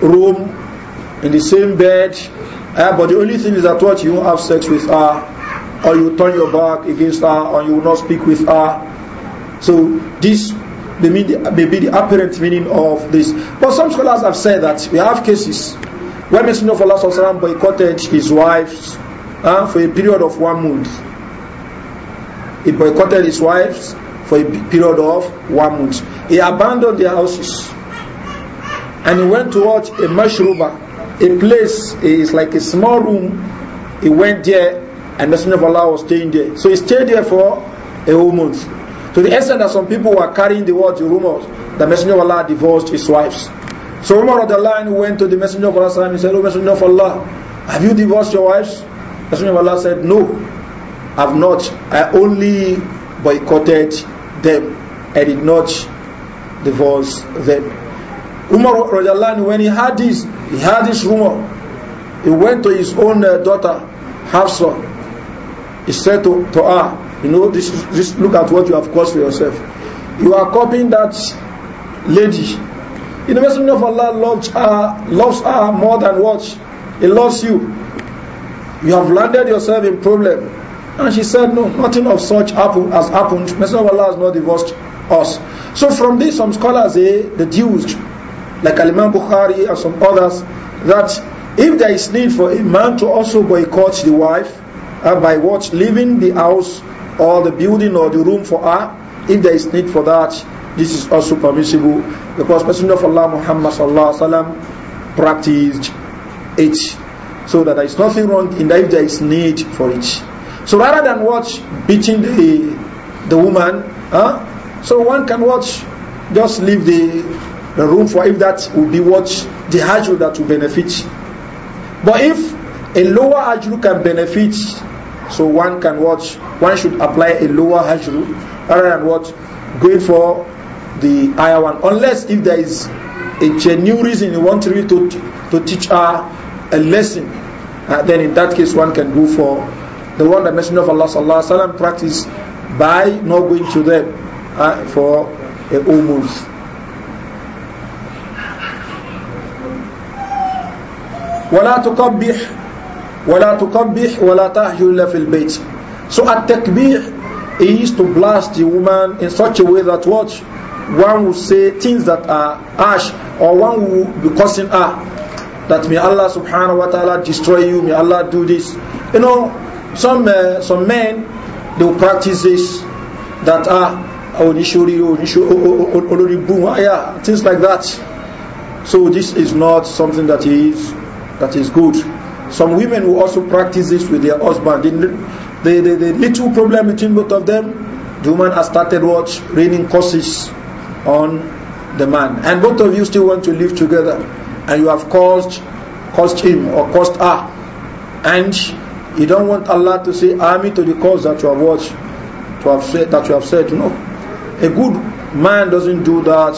room, in the same bed. Uh, but the only thing is that what you have sex with her, or you turn your back against her, or you will not speak with her so this may be, the, may be the apparent meaning of this. But some scholars have said that we have cases where Messenger of Allah Sallallahu boycotted his wives uh, for a period of one month. He boycotted his wives for a period of one month. He abandoned their houses and he went to watch a mashruba, a place is like a small room. He went there and the Messenger of Allah was staying there. So he stayed there for a whole month. To the extent that some people were carrying the word, the rumors, the Messenger of Allah divorced his wives. So Umar of the line went to the Messenger of Allah and said, O Messenger of Allah, have you divorced your wives? The Messenger of Allah said, No, I've not. I only boycotted them. I did not divorce them. Umar Rajalani, when he heard this, he heard this rumor. He went to his own uh, daughter, Hafsa. He said to, to her, You know, this, this look at what you have caused for yourself. You are copying that lady. In the Messenger of Allah loves her, loves her more than what? He loves you. You have landed yourself in problem. And she said, no, nothing of such happen, has happened. Messenger of Allah has not divorced us. So from this, some scholars the eh, deduced, like Imam Bukhari and some others, that if there is need for a man to also boycott the wife uh, by what? Leaving the house or the building or the room for her, if there is need for that, this is also permissible because Messenger of Allah Muhammad sallallahu alaihi wasallam practiced it, so that there is nothing wrong in that if there is need for it. So rather than watch beating the the woman, huh? so one can watch just leave the the room for if that will be what the hajj that will benefit. But if a lower hajj can benefit So one can watch, one should apply a lower hajru rather than what going for the higher one. Unless if there is a genuine reason you want really to, to teach her a lesson, uh, then in that case one can go for the one that Messenger of Allah sallallahu alaihi wasallam practiced by not going to them uh, for a whole ولا تقبح ولا تقبح ولا تهجر إلا في البيت so at-takbih is to blast the woman in such a way that what one will say things that are harsh or one will be cursing her that may Allah subhanahu wa ta'ala destroy you may Allah do this you know some uh, some men they will practice this that are ah, onishori oh, oloribu oh, oh, ah, things like that so this is not something that is that is good Some women who also practice this with their husband. The, the, the little problem between both of them, the woman has started what? Raining curses on the man. And both of you still want to live together. And you have caused, caused him or caused her. And you don't want Allah to say, Army to the cause that you have watched, to have said, that you have said. No. A good man doesn't do that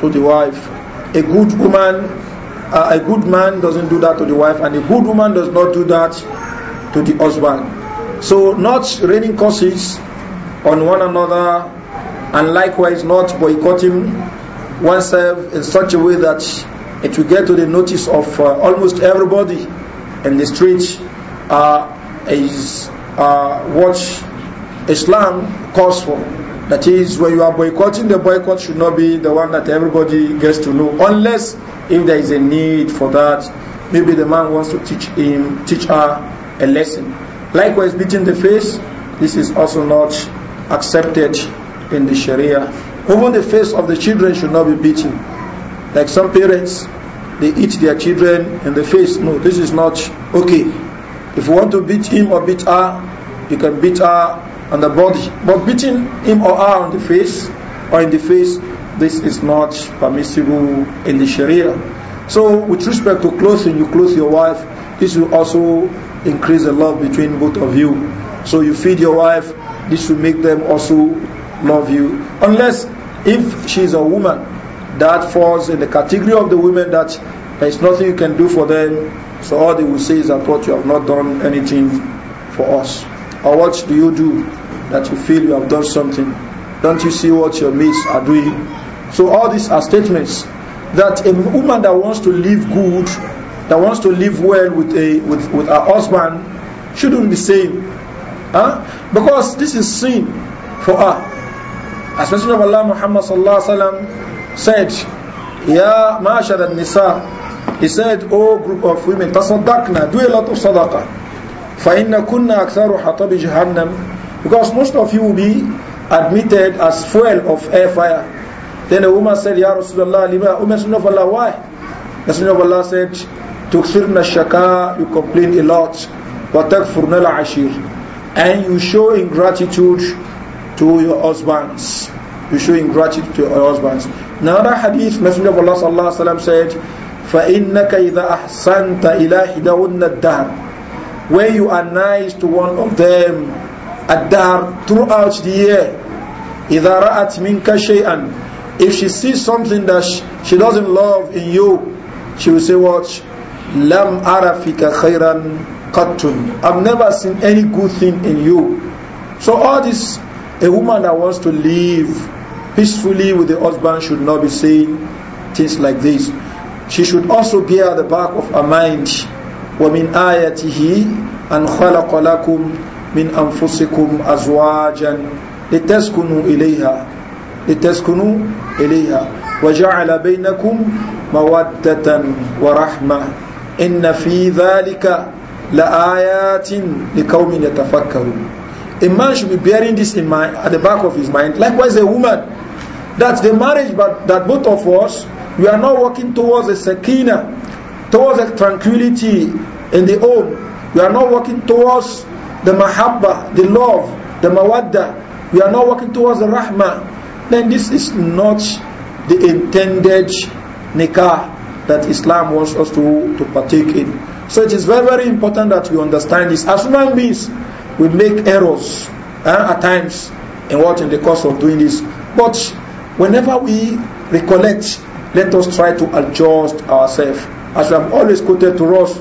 to the wife. A good woman uh, a good man doesn't do that to the wife, and a good woman does not do that to the husband. So, not raining curses on one another, and likewise not boycotting oneself in such a way that it will get to the notice of uh, almost everybody in the street uh, is uh, what Islam calls for. That is, when you are boycotting, the boycott should not be the one that everybody gets to know, unless if there is a need for that, maybe the man wants to teach him, teach her a lesson. Likewise, beating the face, this is also not accepted in the Sharia. Even the face of the children should not be beaten. Like some parents, they eat their children in the face. No, this is not okay. If you want to beat him or beat her, you can beat her on the body. But beating him or her on the face or in the face, this is not permissible in the Sharia. So with respect to clothing, you clothe your wife, this will also increase the love between both of you. So you feed your wife, this will make them also love you. Unless if she is a woman, that falls in the category of the women that there is nothing you can do for them. So all they will say is that what you have not done anything for us. Or what do you do that you feel you have done something? Don't you see what your mates are doing? So all these are statements that a woman that wants to live good, that wants to live well with a with, with her husband, shouldn't be saying, huh? Because this is sin for her. As Messenger of Allah Muhammad sallallahu alaihi wasallam said, "Ya ma'ashar al-nisa," he said, "O group of women, tasaddaqna, do a lot of sadaqah." فَإِنَّ كُنَّ أَكْثَرُ حَطَبِ جَهَنَّمْ Because most of you will be admitted as fuel of air fire. Then a woman said, Ya Rasulullah, lima, O Messenger of Allah, why? Messenger of Allah said, Tuksirna shaka, you complain a lot, but watakfurna ashir, and you show ingratitude to your husbands. You show ingratitude to your husbands. Another hadith, Messenger of Allah sallallahu alaihi wasallam said, فَإِنَّكَ إِذَا أَحْسَنْتَ إِلَىٰ هِدَوُنَّ الدَّهْرِ When you are nice to one of them, الدهر throughout the year, إِذَا رَأَتْ مِنْكَ شَيْئًا If she sees something that she, she doesn't love in you, she will say, Watch, Lam arafika khairan qattun. I've never seen any good thing in you. So, all this, a woman that wants to live peacefully with the husband should not be saying things like this. She should also bear the back of her mind, وَمِنْ آيَاتِهِ أَنْ خَلَقَ لَكُمْ مِنْ أَنفُسِكُمْ أَزْوَاجًا لِتَسْكُنُوا إِلَيْهَا لتسكنوا إليها وجعل بينكم مودة ورحمة إن في ذلك لآيات لقوم يتفكرون A man should be bearing this in mind at the back of his mind. Likewise, a woman That's the marriage, but that both of us we are not working towards a sakina, towards a tranquility in the home. We are not working towards the mahabba, the love, the mawadda. We are not working towards the rahmah. then this is not the intended nikah that Islam wants us to, to partake in. So it is very, very important that we understand this. As human beings, we make errors eh, at times in what in the course of doing this. But whenever we recollect, let us try to adjust ourselves. As I have always quoted to us,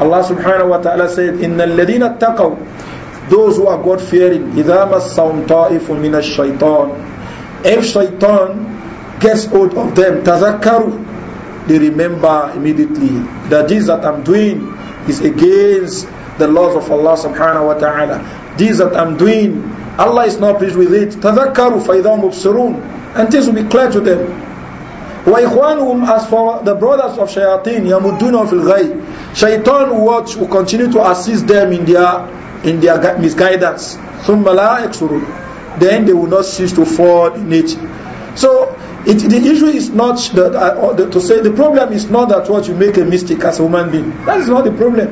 Allah subhanahu wa ta'ala said, إِنَّ الَّذِينَ اتَّقَوْا Those who are God-fearing, إِذَا مَسَّهُمْ طَائِفٌ مِنَ الشَّيْطَانِ if shaitan gets hold of them, tazakkaru, they remember immediately that this that I'm doing is against the laws of Allah subhanahu wa ta'ala. This that I'm doing, Allah is not pleased with it. Tazakkaru faidam ubsurun. And this will be clear to them. وَإِخْوَانُهُمْ As for the brothers of shayateen, يَمُدُّونَ فِي الْغَيْ Shaitan watch will continue to assist them in their in their misguidance. ثُمَّ لَا يَكْسُرُونَ then they will not cease to fall in it. So it, the issue is not that uh, uh, the, to say the problem is not that what you make a mistake as a human being. That is not the problem.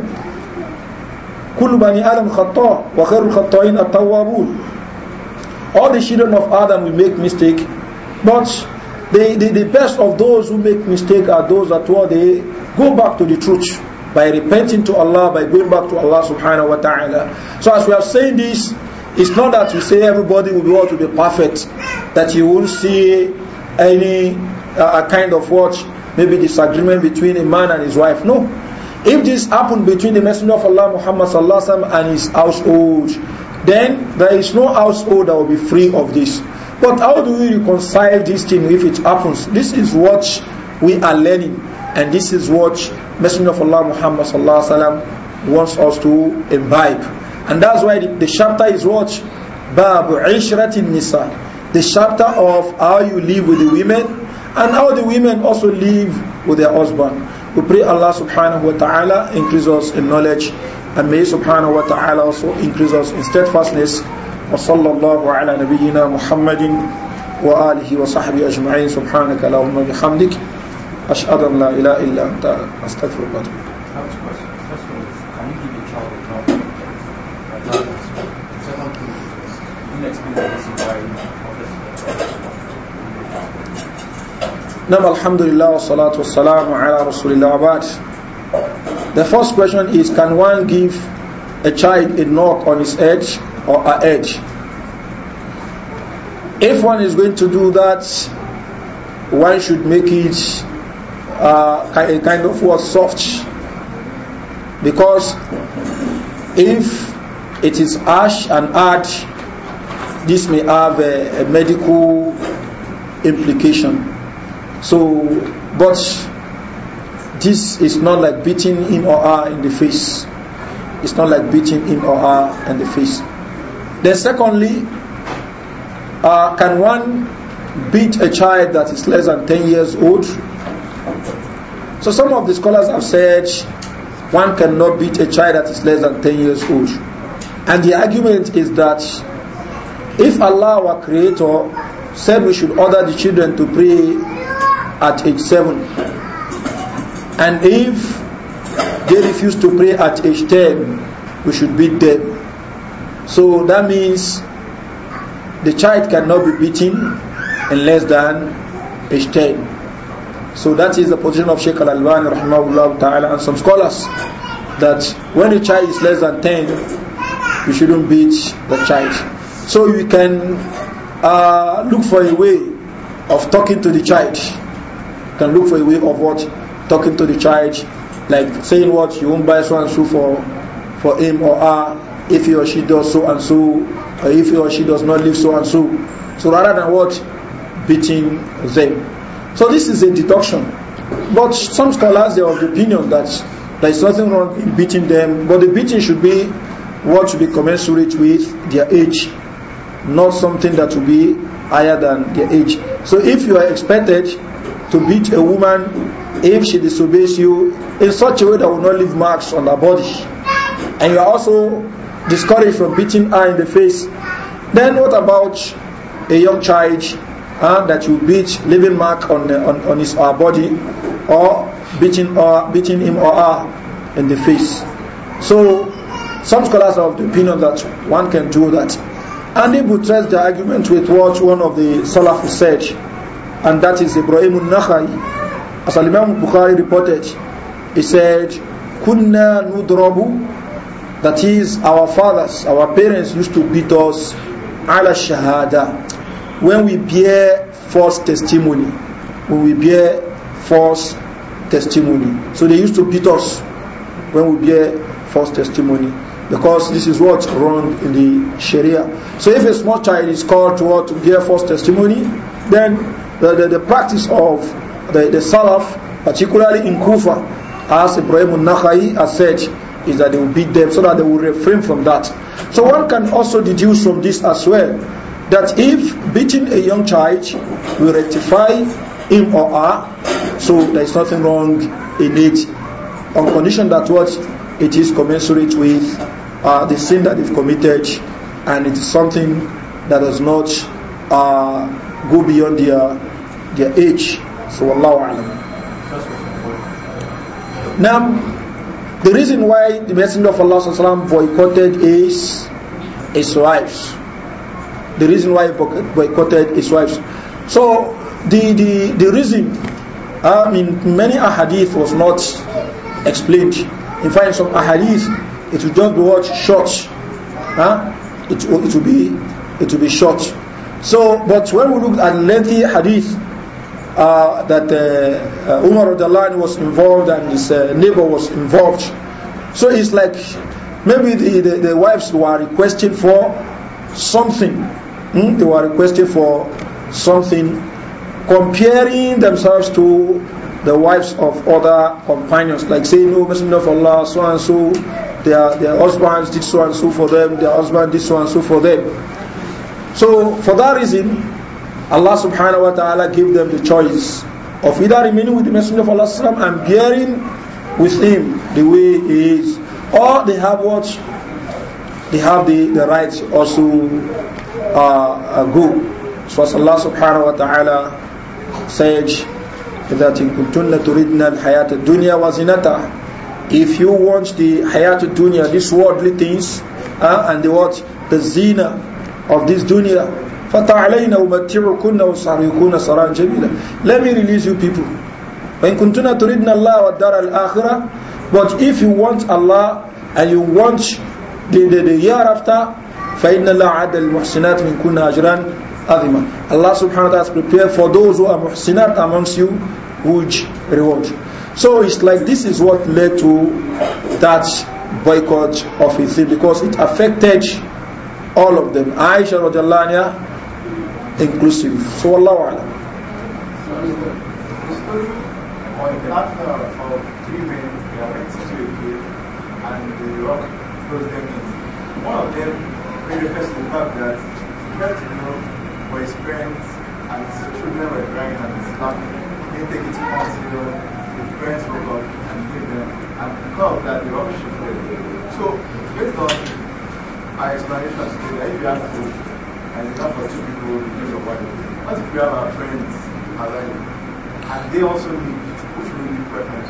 كل بني آدم خطاء وخير الخطائين التوابون All the children of Adam will make mistake, but the, the, the best of those who make mistake are those that what they go back to the truth by repenting to Allah, by going back to Allah subhanahu wa ta'ala. So as we are saying this, it's not that we say everybody will be to will be perfect, that you won't see any uh, kind of what maybe disagreement between a man and his wife. No. If this happened between the Messenger of Allah Muhammad sallallahu alaihi wasallam and his household, then there is no household that will be free of this. But how do we reconcile this thing if it happens? This is what we are learning, and this is what Messenger of Allah Muhammad sallallahu alaihi wasallam wants us to imbibe. And that's why the, chapter is what? Babu Ishratin Nisa. The chapter of how you live with the women and how the women also live with their husband. We pray Allah subhanahu wa ta'ala increase us in knowledge and may subhanahu wa ta'ala also increase us in steadfastness. وصلى الله على أشهد أن لا إله إلا أنت Nam alhamdulillah wa salatu wassalamu ala rasulillah abad. The first question is can one give a child a knock on his head or her head? If one is going to do that, one should make it uh, a kind of what soft because if it is harsh and hard this may have a, a medical implication. So, but this is not like beating him or her in the face. It's not like beating him or her in the face. Then, secondly, uh, can one beat a child that is less than 10 years old? So, some of the scholars have said one cannot beat a child that is less than 10 years old. And the argument is that if Allah, our Creator, said we should order the children to pray at age 7, and if they refuse to pray at age 10, we should beat them. So that means the child cannot be beaten in less than age 10. So that is the position of Sheikh Al-Albani rahimahullah ta'ala and some scholars that when a child is less than 10, you shouldn't beat the child. So you can uh, look for a way of talking to the child. You can look for a way of what? Talking to the child, like saying what you won't buy so and so for, for him or her if he or she does so and so, or if he or she does not live so and so. So rather than what? Beating them. So this is a deduction. But some scholars they are of the opinion that there is nothing wrong in beating them, but the beating should be what should be commensurate with their age. not something that will be higher than their age. So if you are expected to beat a woman if she disobeys you in such a way that will not leave marks on her body, and you are also discouraged from beating her in the face, then what about a young child that you beat, leaving mark on on, on his her body, or beating or beating him or her in the face? So some scholars are of the opinion that one can do that. And they buttressed the argument with what one of the Salaf said, and that is Ibrahim al-Nakhai. As Imam Bukhari reported, he said, Kunna nudrabu, that is, our fathers, our parents used to beat us ala shahada, when we bear false testimony, when we bear false testimony. So they used to beat us when we bear false testimony. Because this is what's wrong in the Sharia. So if a small child is called to what to give false testimony, then the, the, the, practice of the, the Salaf, particularly in Kufa, as Ibrahim al-Nakhai has said, is that they will beat them so that they will refrain from that. So one can also deduce from this as well, that if beating a young child will rectify him or her, so there is nothing wrong in it, on condition that what it is commensurate with uh, the sin that they've committed and it is something that does not uh, go beyond their their age. So Allah alam. Now, the reason why the Messenger of Allah boycotted is his wives. The reason why he boycotted his wives. So, the, the, the reason, uh, I mean, many ahadith was not explained. In fact, some ahadith it will just be what short huh? it, it will be it will be short so but when we look at lengthy hadith uh, that uh, uh Umar was involved and his uh, neighbor was involved so it's like maybe the, the, the wives were requested for something hmm? they were requested for something comparing themselves to the wives of other companions, like say, no, oh, Messenger of Allah, so and so, their, their husbands did so and so for them, their husband did so and so for them. So, for that reason, Allah subhanahu wa ta'ala gave them the choice of either remaining with the Messenger of Allah and bearing with him the way he is, or they have what? They have the, the right also uh, uh go. So, as Allah subhanahu wa ta'ala said, that in kuntunna turidna al-hayat dunya wa zinata if you want the hayat dunya these worldly things uh, and the what the zina of this dunya fata'alayna umatti'ukunna wa sarihkunna saran jamila let me release you people when kuntunna turidna Allah wa dar al-akhirah but if you want Allah and you want the, the, the year after فإن الله عد المحسنات من كنا أجرا adhima. Allah subhanahu wa ta'ala has prepared for those who are muhsinat amongst you huge reward. So it's like this is what led to that boycott of Ethiopia because it affected all of them. Aisha Rajalania inclusive. So Allah Alam. On three men, they are went to and the rock closed them in. One of them refers to the fact that you have to know for his friends, and his children were crying and his laughing. He did take it too serious. His friends were up and give them, and because of that, they all shifted. So, based on our explanation today, if you have food, and you have for two people, you give your wife. What if we have our friends alive, and they also need, which should we give preference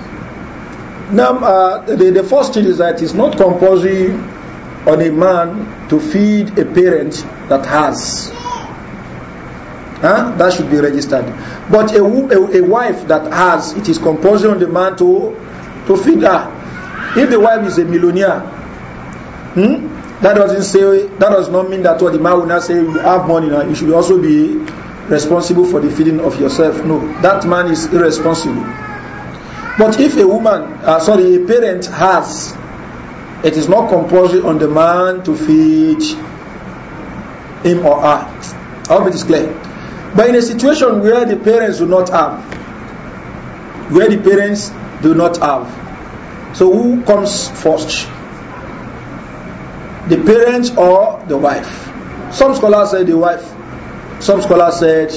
now, uh, the, the first thing is that it's not compulsory on a man to feed a parent that has. Huh? That should be registered. But a, a, a wife that has, it is compulsory on the man to, to feed her. If the wife is a millionaire, hmm? that doesn't say that does not mean that what the man will not say you have money now. You should also be responsible for the feeding of yourself. No, that man is irresponsible. But if a woman, uh, sorry, a parent has, it is not compulsory on the man to feed him or her. I hope it is clear. But in a situation where the parents do not have, where the parents do not have, so who comes first? The parents or the wife? Some scholars said the wife, some scholars said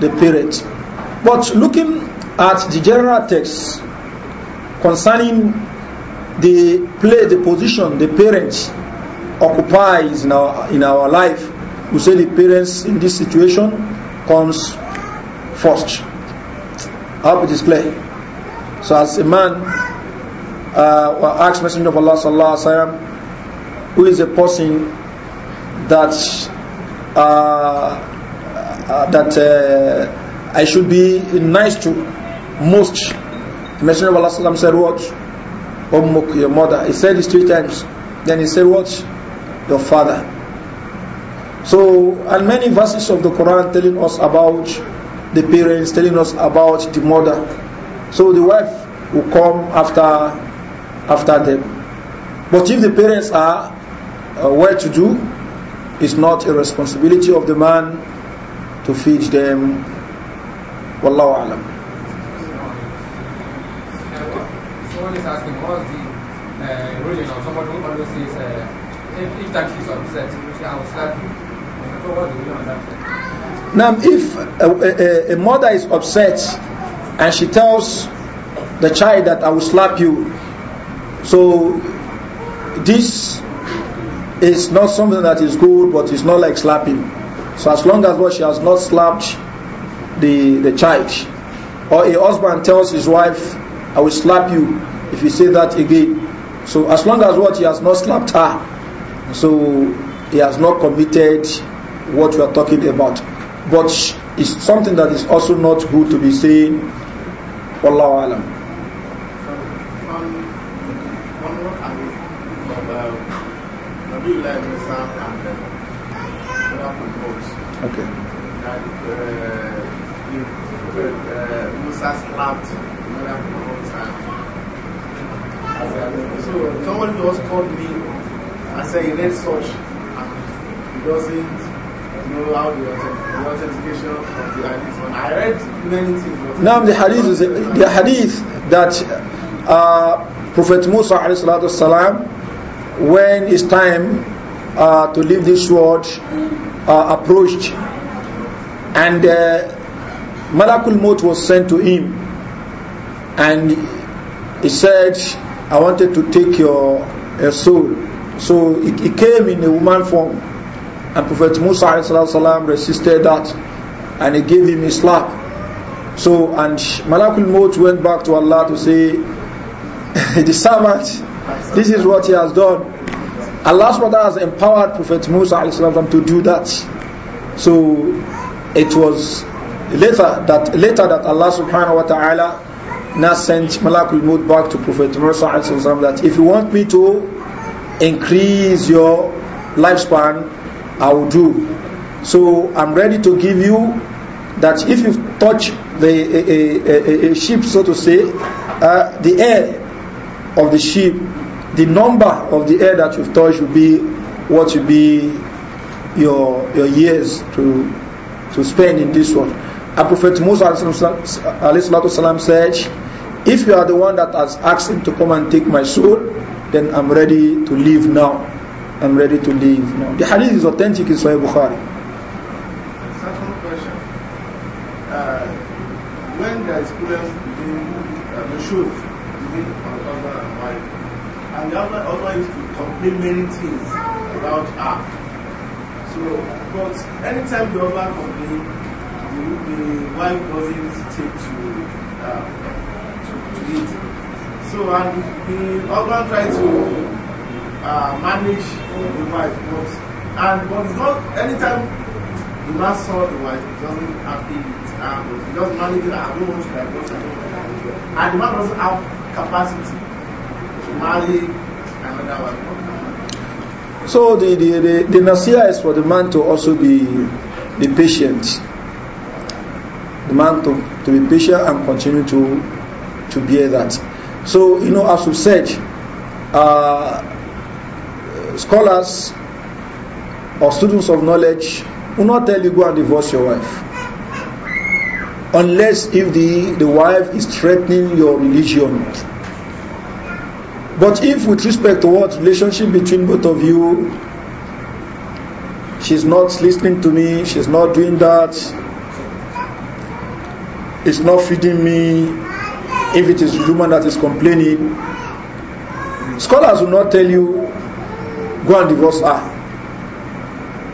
the parent. But looking at the general text concerning the place, the position the parents occupies in our, in our life, we say the parents in this situation comes first. I hope it is clear. So as a man uh, asked Messenger of Allah sallallahu alaihi wasallam, who is a person that uh, uh, that uh, I should be nice to most. Messenger of Allah sallallahu said what? Ummuk, your mother. He said this three times. Then he said what? Your father. So, and many verses of the Quran telling us about the parents, telling us about the mother. So the wife will come after after them. But if the parents are uh, well to do, it's not a responsibility of the man to feed them. Wallahu alam. Someone is asking, what's the uh, someone who always says, uh, if, if that she's upset, will slap you. Now, if a, a, a mother is upset and she tells the child that I will slap you, so this is not something that is good, but it's not like slapping. So as long as what she has not slapped the the child, or a husband tells his wife, "I will slap you if you say that again." So as long as what he has not slapped her, so he has not committed what we are talking about. But it's something that is also not good to be saying. Wallahu alam. Okay. That uh, Musa slapped So someone just called me and said he read such and he doesn't Now the hadith is the hadith that uh, Prophet Musa والسلام, when it's time uh, to leave this world, uh, approached and uh, Malakul Mut was sent to him and he said, I wanted to take your, your soul. So he came in a woman form And Prophet Musa resisted that and he gave him a slap. So, and Malakul Maut went back to Allah to say, The servant, this is what he has done. Allah SWT has empowered Prophet Musa to do that. So, it was later that later that Allah subhanahu wa ta'ala now sent Malakul Maut back to Prophet Musa والسلام, that if you want me to increase your lifespan I will do. So I'm ready to give you that if you touch the a, a, a, a sheep, so to say, uh, the air of the sheep, the number of the air that you've touched will be what will be your your years to to spend in this world. And Prophet Musa والسلام, said, If you are the one that has asked him to come and take my soul, then I'm ready to leave now. I'm ready to leave. No. The hadith is authentic in Sahih Bukhari. Second question. Uh, when there is problems between uh, the shoes between husband and wife, and the other, other used to complain many things about her. So, but anytime the other complains, the, the wife doesn't take to, uh, to, to it. So, and the husband tries to uh, manage the wife, but and but it's not anytime the man saw the wife, he wasn't happy with her, but he just managed I don't want to divorce, I don't want to And the man doesn't have capacity to marry another wife. So the the, the, the nasiya is for the man to also be the patient. The man to, to be patient and continue to to bear that. So you know, as we said, uh, scholars or students of knowledge will not tell you go and divorce your wife unless if the, the wife is threatening your religion but if with respect to what relationship between both of you she's not listening to me she's not doing that it's not feeding me if it is the woman that is complaining scholars will not tell you go and divorce her.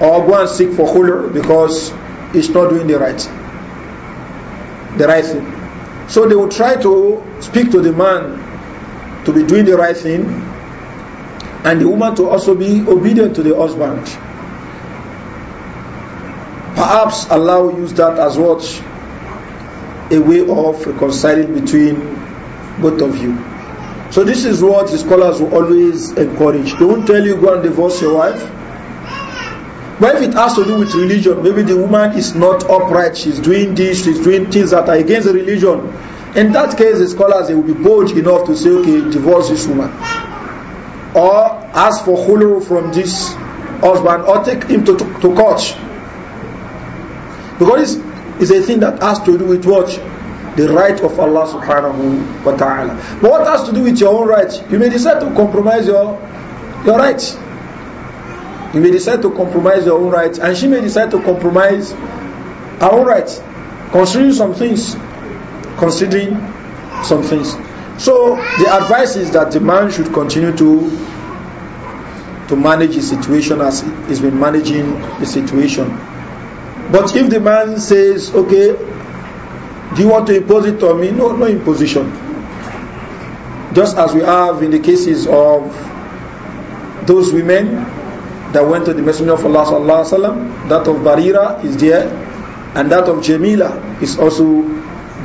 Or go and seek for khulur because he's not doing the right the right thing. So they will try to speak to the man to be doing the right thing and the woman to also be obedient to the husband. Perhaps Allah will use that as what a way of reconciling between both of you. So this is what the scholars will always encourage. They won't tell you go and divorce your wife. But if it has to do with religion, maybe the woman is not upright, she's doing this, she's doing things that are against the religion. In that case, the scholars they will be bold enough to say, okay, divorce this woman. Or ask for hulu from this husband or take him to, to, to court. Because it's, it's a thing that has to do with what? the right of Allah subhanahu wa ta'ala. But what has to do with your own rights? You may decide to compromise your your rights. You may decide to compromise your own rights, and she may decide to compromise her own rights, considering some things. Considering some things. So the advice is that the man should continue to to manage his situation as he's been managing the situation. But if the man says, okay, do you want to impose it on me? No, no imposition. Just as we have in the cases of those women that went to the Messenger of Allah sallallahu that of Barira is there, and that of Jamila is also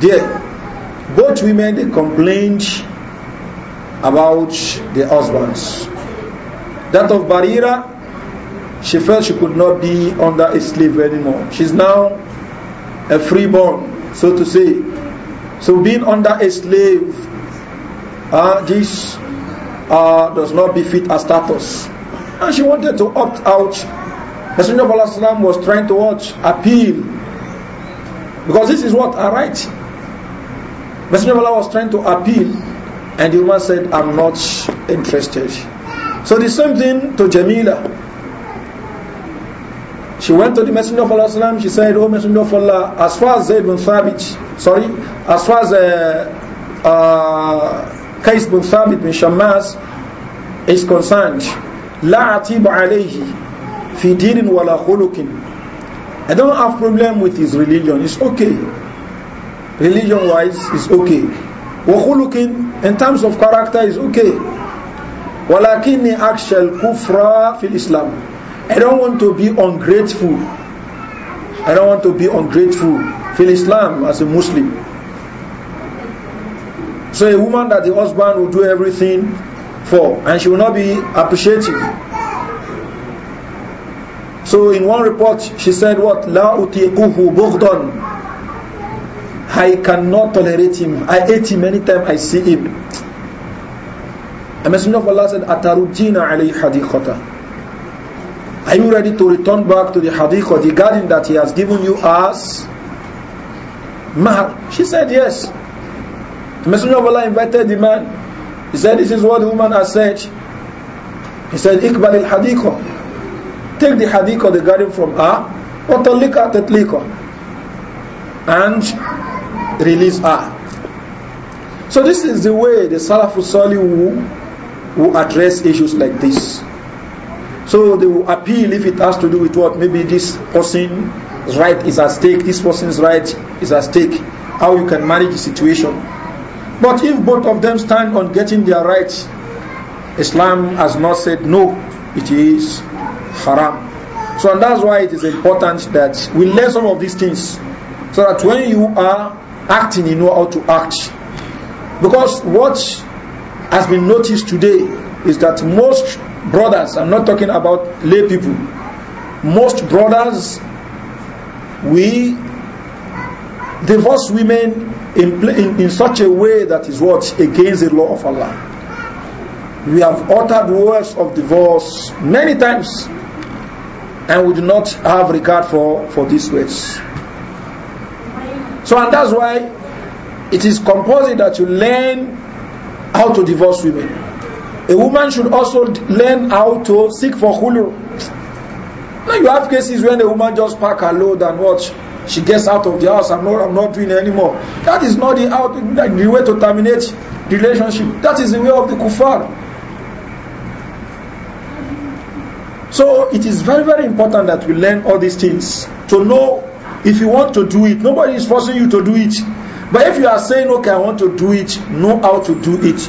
there. Both women they complained about their husbands. That of Barira, she felt she could not be under a slave anymore. She's now a freeborn so to say. So being under a slave, uh, this uh, does not befit a status. And she wanted to opt out. Messenger of Allah was trying to opt appeal. Because this is what I write. Messenger of Allah was trying to appeal, and the woman said, I'm not interested. So the same thing to Jamila. She went to the Messenger of Allah Islam, she said, Oh Messenger of Allah, as far as Zayd bin Thabit, sorry, as far as uh, uh, Qais bin Thabit bin Shammas is concerned, لا عتيب عليه في دين ولا خلق I don't have problem with his religion. It's okay. Religion wise, it's okay. وخلق in terms of character is okay. ولكني أخشى الكفر في الإسلام I don't want to be ungrateful. I don't want to be ungrateful. Feel Islam as a Muslim. So a woman that the husband will do everything for and she will not be appreciative. So in one report she said what? La utiquhu bughdan. I cannot tolerate him. I hate him anytime I see him. A messenger of Allah said, Atarujina alayhi hadiqata. Are you ready to return back to the Hadith garden that he has given you as mahar? She said yes. The Messenger of Allah invited the man. He said, this is what the woman has said. He said, Ikbal al Take the hadiqa, the garden from her, or talika And release her. So this is the way the Salafus Salih who, who address issues like this. So they will appeal if it has to do with what? Maybe this person's right is at stake, this person's right is at stake, how you can manage the situation. But if both of them stand on getting their rights, Islam has not said no, it is haram. So and that's why it is important that we learn some of these things so that when you are acting, you know how to act. Because what has been noticed today is that most brothers, I'm not talking about lay people. Most brothers, we divorce women in, in, in such a way that is what? Against the law of Allah. We have uttered words of divorce many times and we do not have regard for, for these words. So, and that's why it is compulsory that you learn how to divorce women. A woman should also learn how to seek for hulu. Now you have cases when a woman just pack her load and watch. She gets out of the house. I'm not. I'm not doing anymore. That is not the out the way to terminate relationship. That is the way of the kuffar. So it is very, very important that we learn all these things to know if you want to do it. Nobody is forcing you to do it. But if you are saying, okay, I want to do it, know how to do it.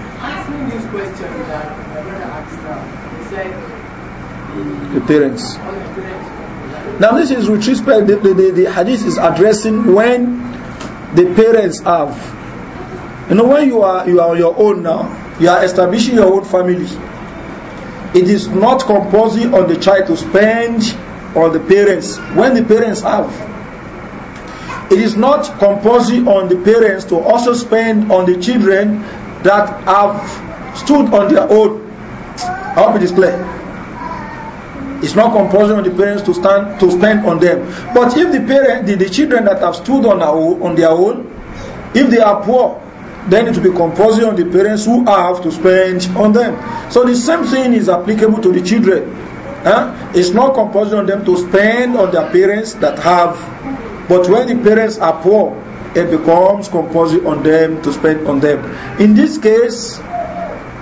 asking this question that my brother asked now. He said, oh, the parents. Now this is with respect, the, the, the, the hadith is addressing when the parents have. You know, when you are, you are your own now, you are establishing your own family. It is not compulsory on the child to spend on the parents when the parents have. It is not compulsory on the parents to also spend on the children that have stood on their own. I hope it is clear. It's not compulsory on the parents to stand to spend on them. But if the parents, the, the children that have stood on, own, on their own, if they are poor, then it will be compulsory on the parents who have to spend on them. So the same thing is applicable to the children. Huh? It's not compulsory on them to spend on their parents that have. But when the parents are poor, it becomes compulsory on them to spend on them. In this case,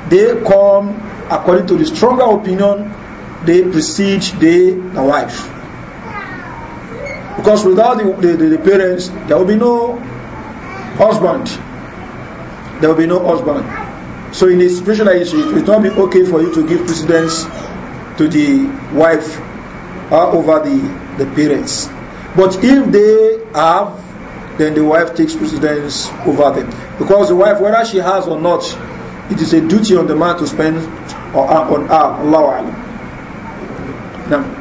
they come according to the stronger opinion, they precede they, the wife. Because without the, the, the parents, there will be no husband. There will be no husband. So in a situation like this, it will not be okay for you to give precedence to the wife uh, over the, the parents. But if they have then the wife takes precedence over them. Because the wife, whether she has or not, it is a duty on the man to spend on her. Allah Alam. Now.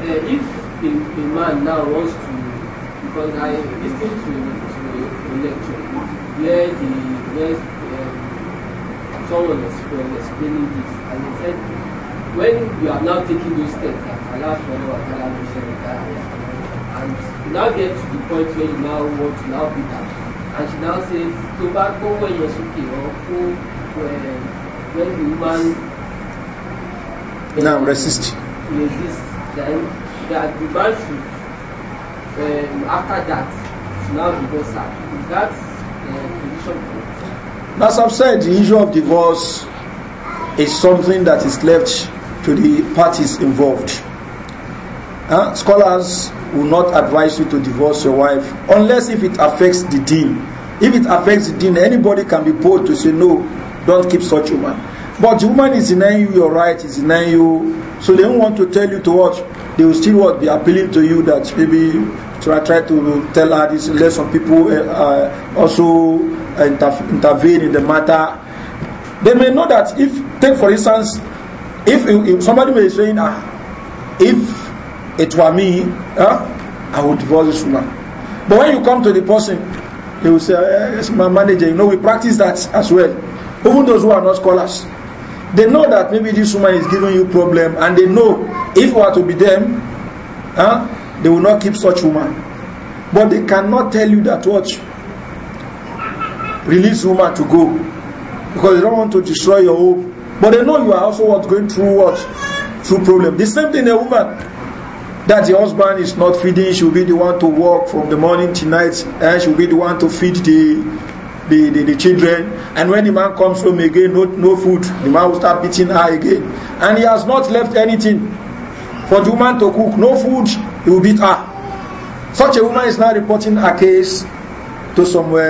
the yeah. if a, man now wants to, because I listened to a lecture where the someone was, explaining this, and he said, when you are now taking those steps, Allah subhanahu wa ta'ala will share with and now get to the point where you now want to now be that, and she now says, tó bá kó wẹ̀yẹ̀ sókè ọ́ fún eh, when the woman now resist resist then that the man should um, after that should now be go sad is that condition. Eh, position As I've said, the issue of divorce is something that is left to the parties involved. Huh? Scholars will not advise you to divorce your wife unless if it affects the deen. If it affects the deen, anybody can be bold to say, no, don't keep such woman. But the woman is denying you your right, is denying you, so they don't want to tell you to what? they will still what, be appealing to you that maybe try, try to tell her this, let some people eh, uh, also inter intervene in the matter. They may know that if, take for instance, if, if somebody may say saying, ah, if it were me, huh, I would divorce this woman. But when you come to the person, he will say, yes, eh, my manager, you know, we practice that as well. Even those who are not scholars, they know that maybe this woman is giving you problem and they know If it were to be them, huh, they will not keep such woman. But they cannot tell you that what release woman to go because they don't want to destroy your hope. But they know you are also what going through what through problem. The same thing a woman that the husband is not feeding, she will be the one to work from the morning to night, and she will be the one to feed the the, the, the, children. And when the man comes home again, no, no food, the man will start beating her again. And he has not left anything for the woman to cook no food he will beat her such a woman is now reporting her case to some uh,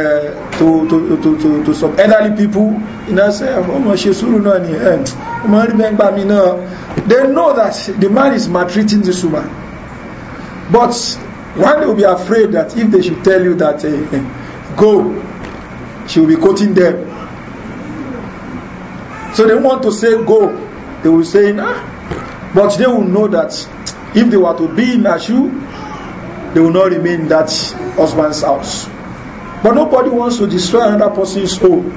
to, to, to, to, to some elderly people and I say oh my suru no ni end remember me now they know that the man is maltreating this woman but why they will be afraid that if they should tell you that uh, go she will be quoting them so they want to say go they will say ah But they will know that if they were to be in a shoe, they will not remain in that husband's house. But nobody wants to destroy another person's home.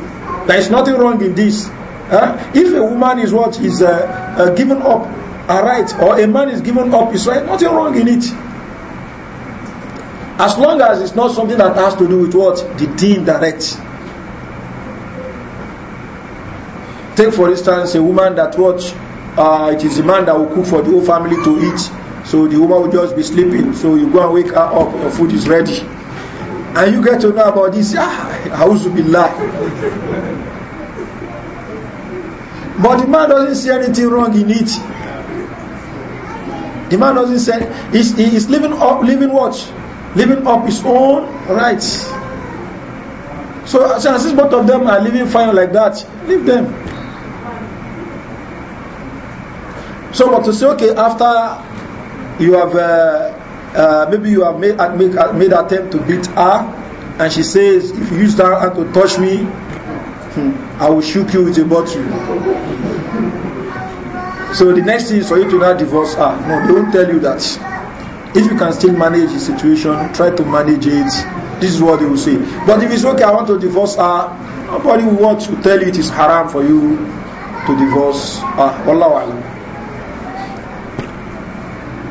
There is nothing wrong in this. Eh? If a woman is what is uh, uh, given up a right, or a man is given up his right, nothing wrong in it. As long as it's not something that has to do with what the dean directs. Take for instance a woman that what uh, it is the man that will cook for the whole family to eat. So the woman will just be sleeping. So you go and wake her up, your food is ready. And you get to know about this. Ah, be lie. But the man doesn't see anything wrong in it. The man doesn't say he's, he's living up, living what, living up his own rights. So since both of them are living fine like that, leave them. So, but to say, okay, after you have, uh, uh, maybe you have made, make, uh, made attempt to beat her, and she says, if you use that hand to touch me, hmm, I will shoot you with a bottle. So the next thing is for you to not divorce her. No, they won't tell you that. If you can still manage the situation, try to manage it. This is what they will say. But if it's okay, I want to divorce her, nobody will want to tell you it is haram for you to divorce her. Wallahu alam.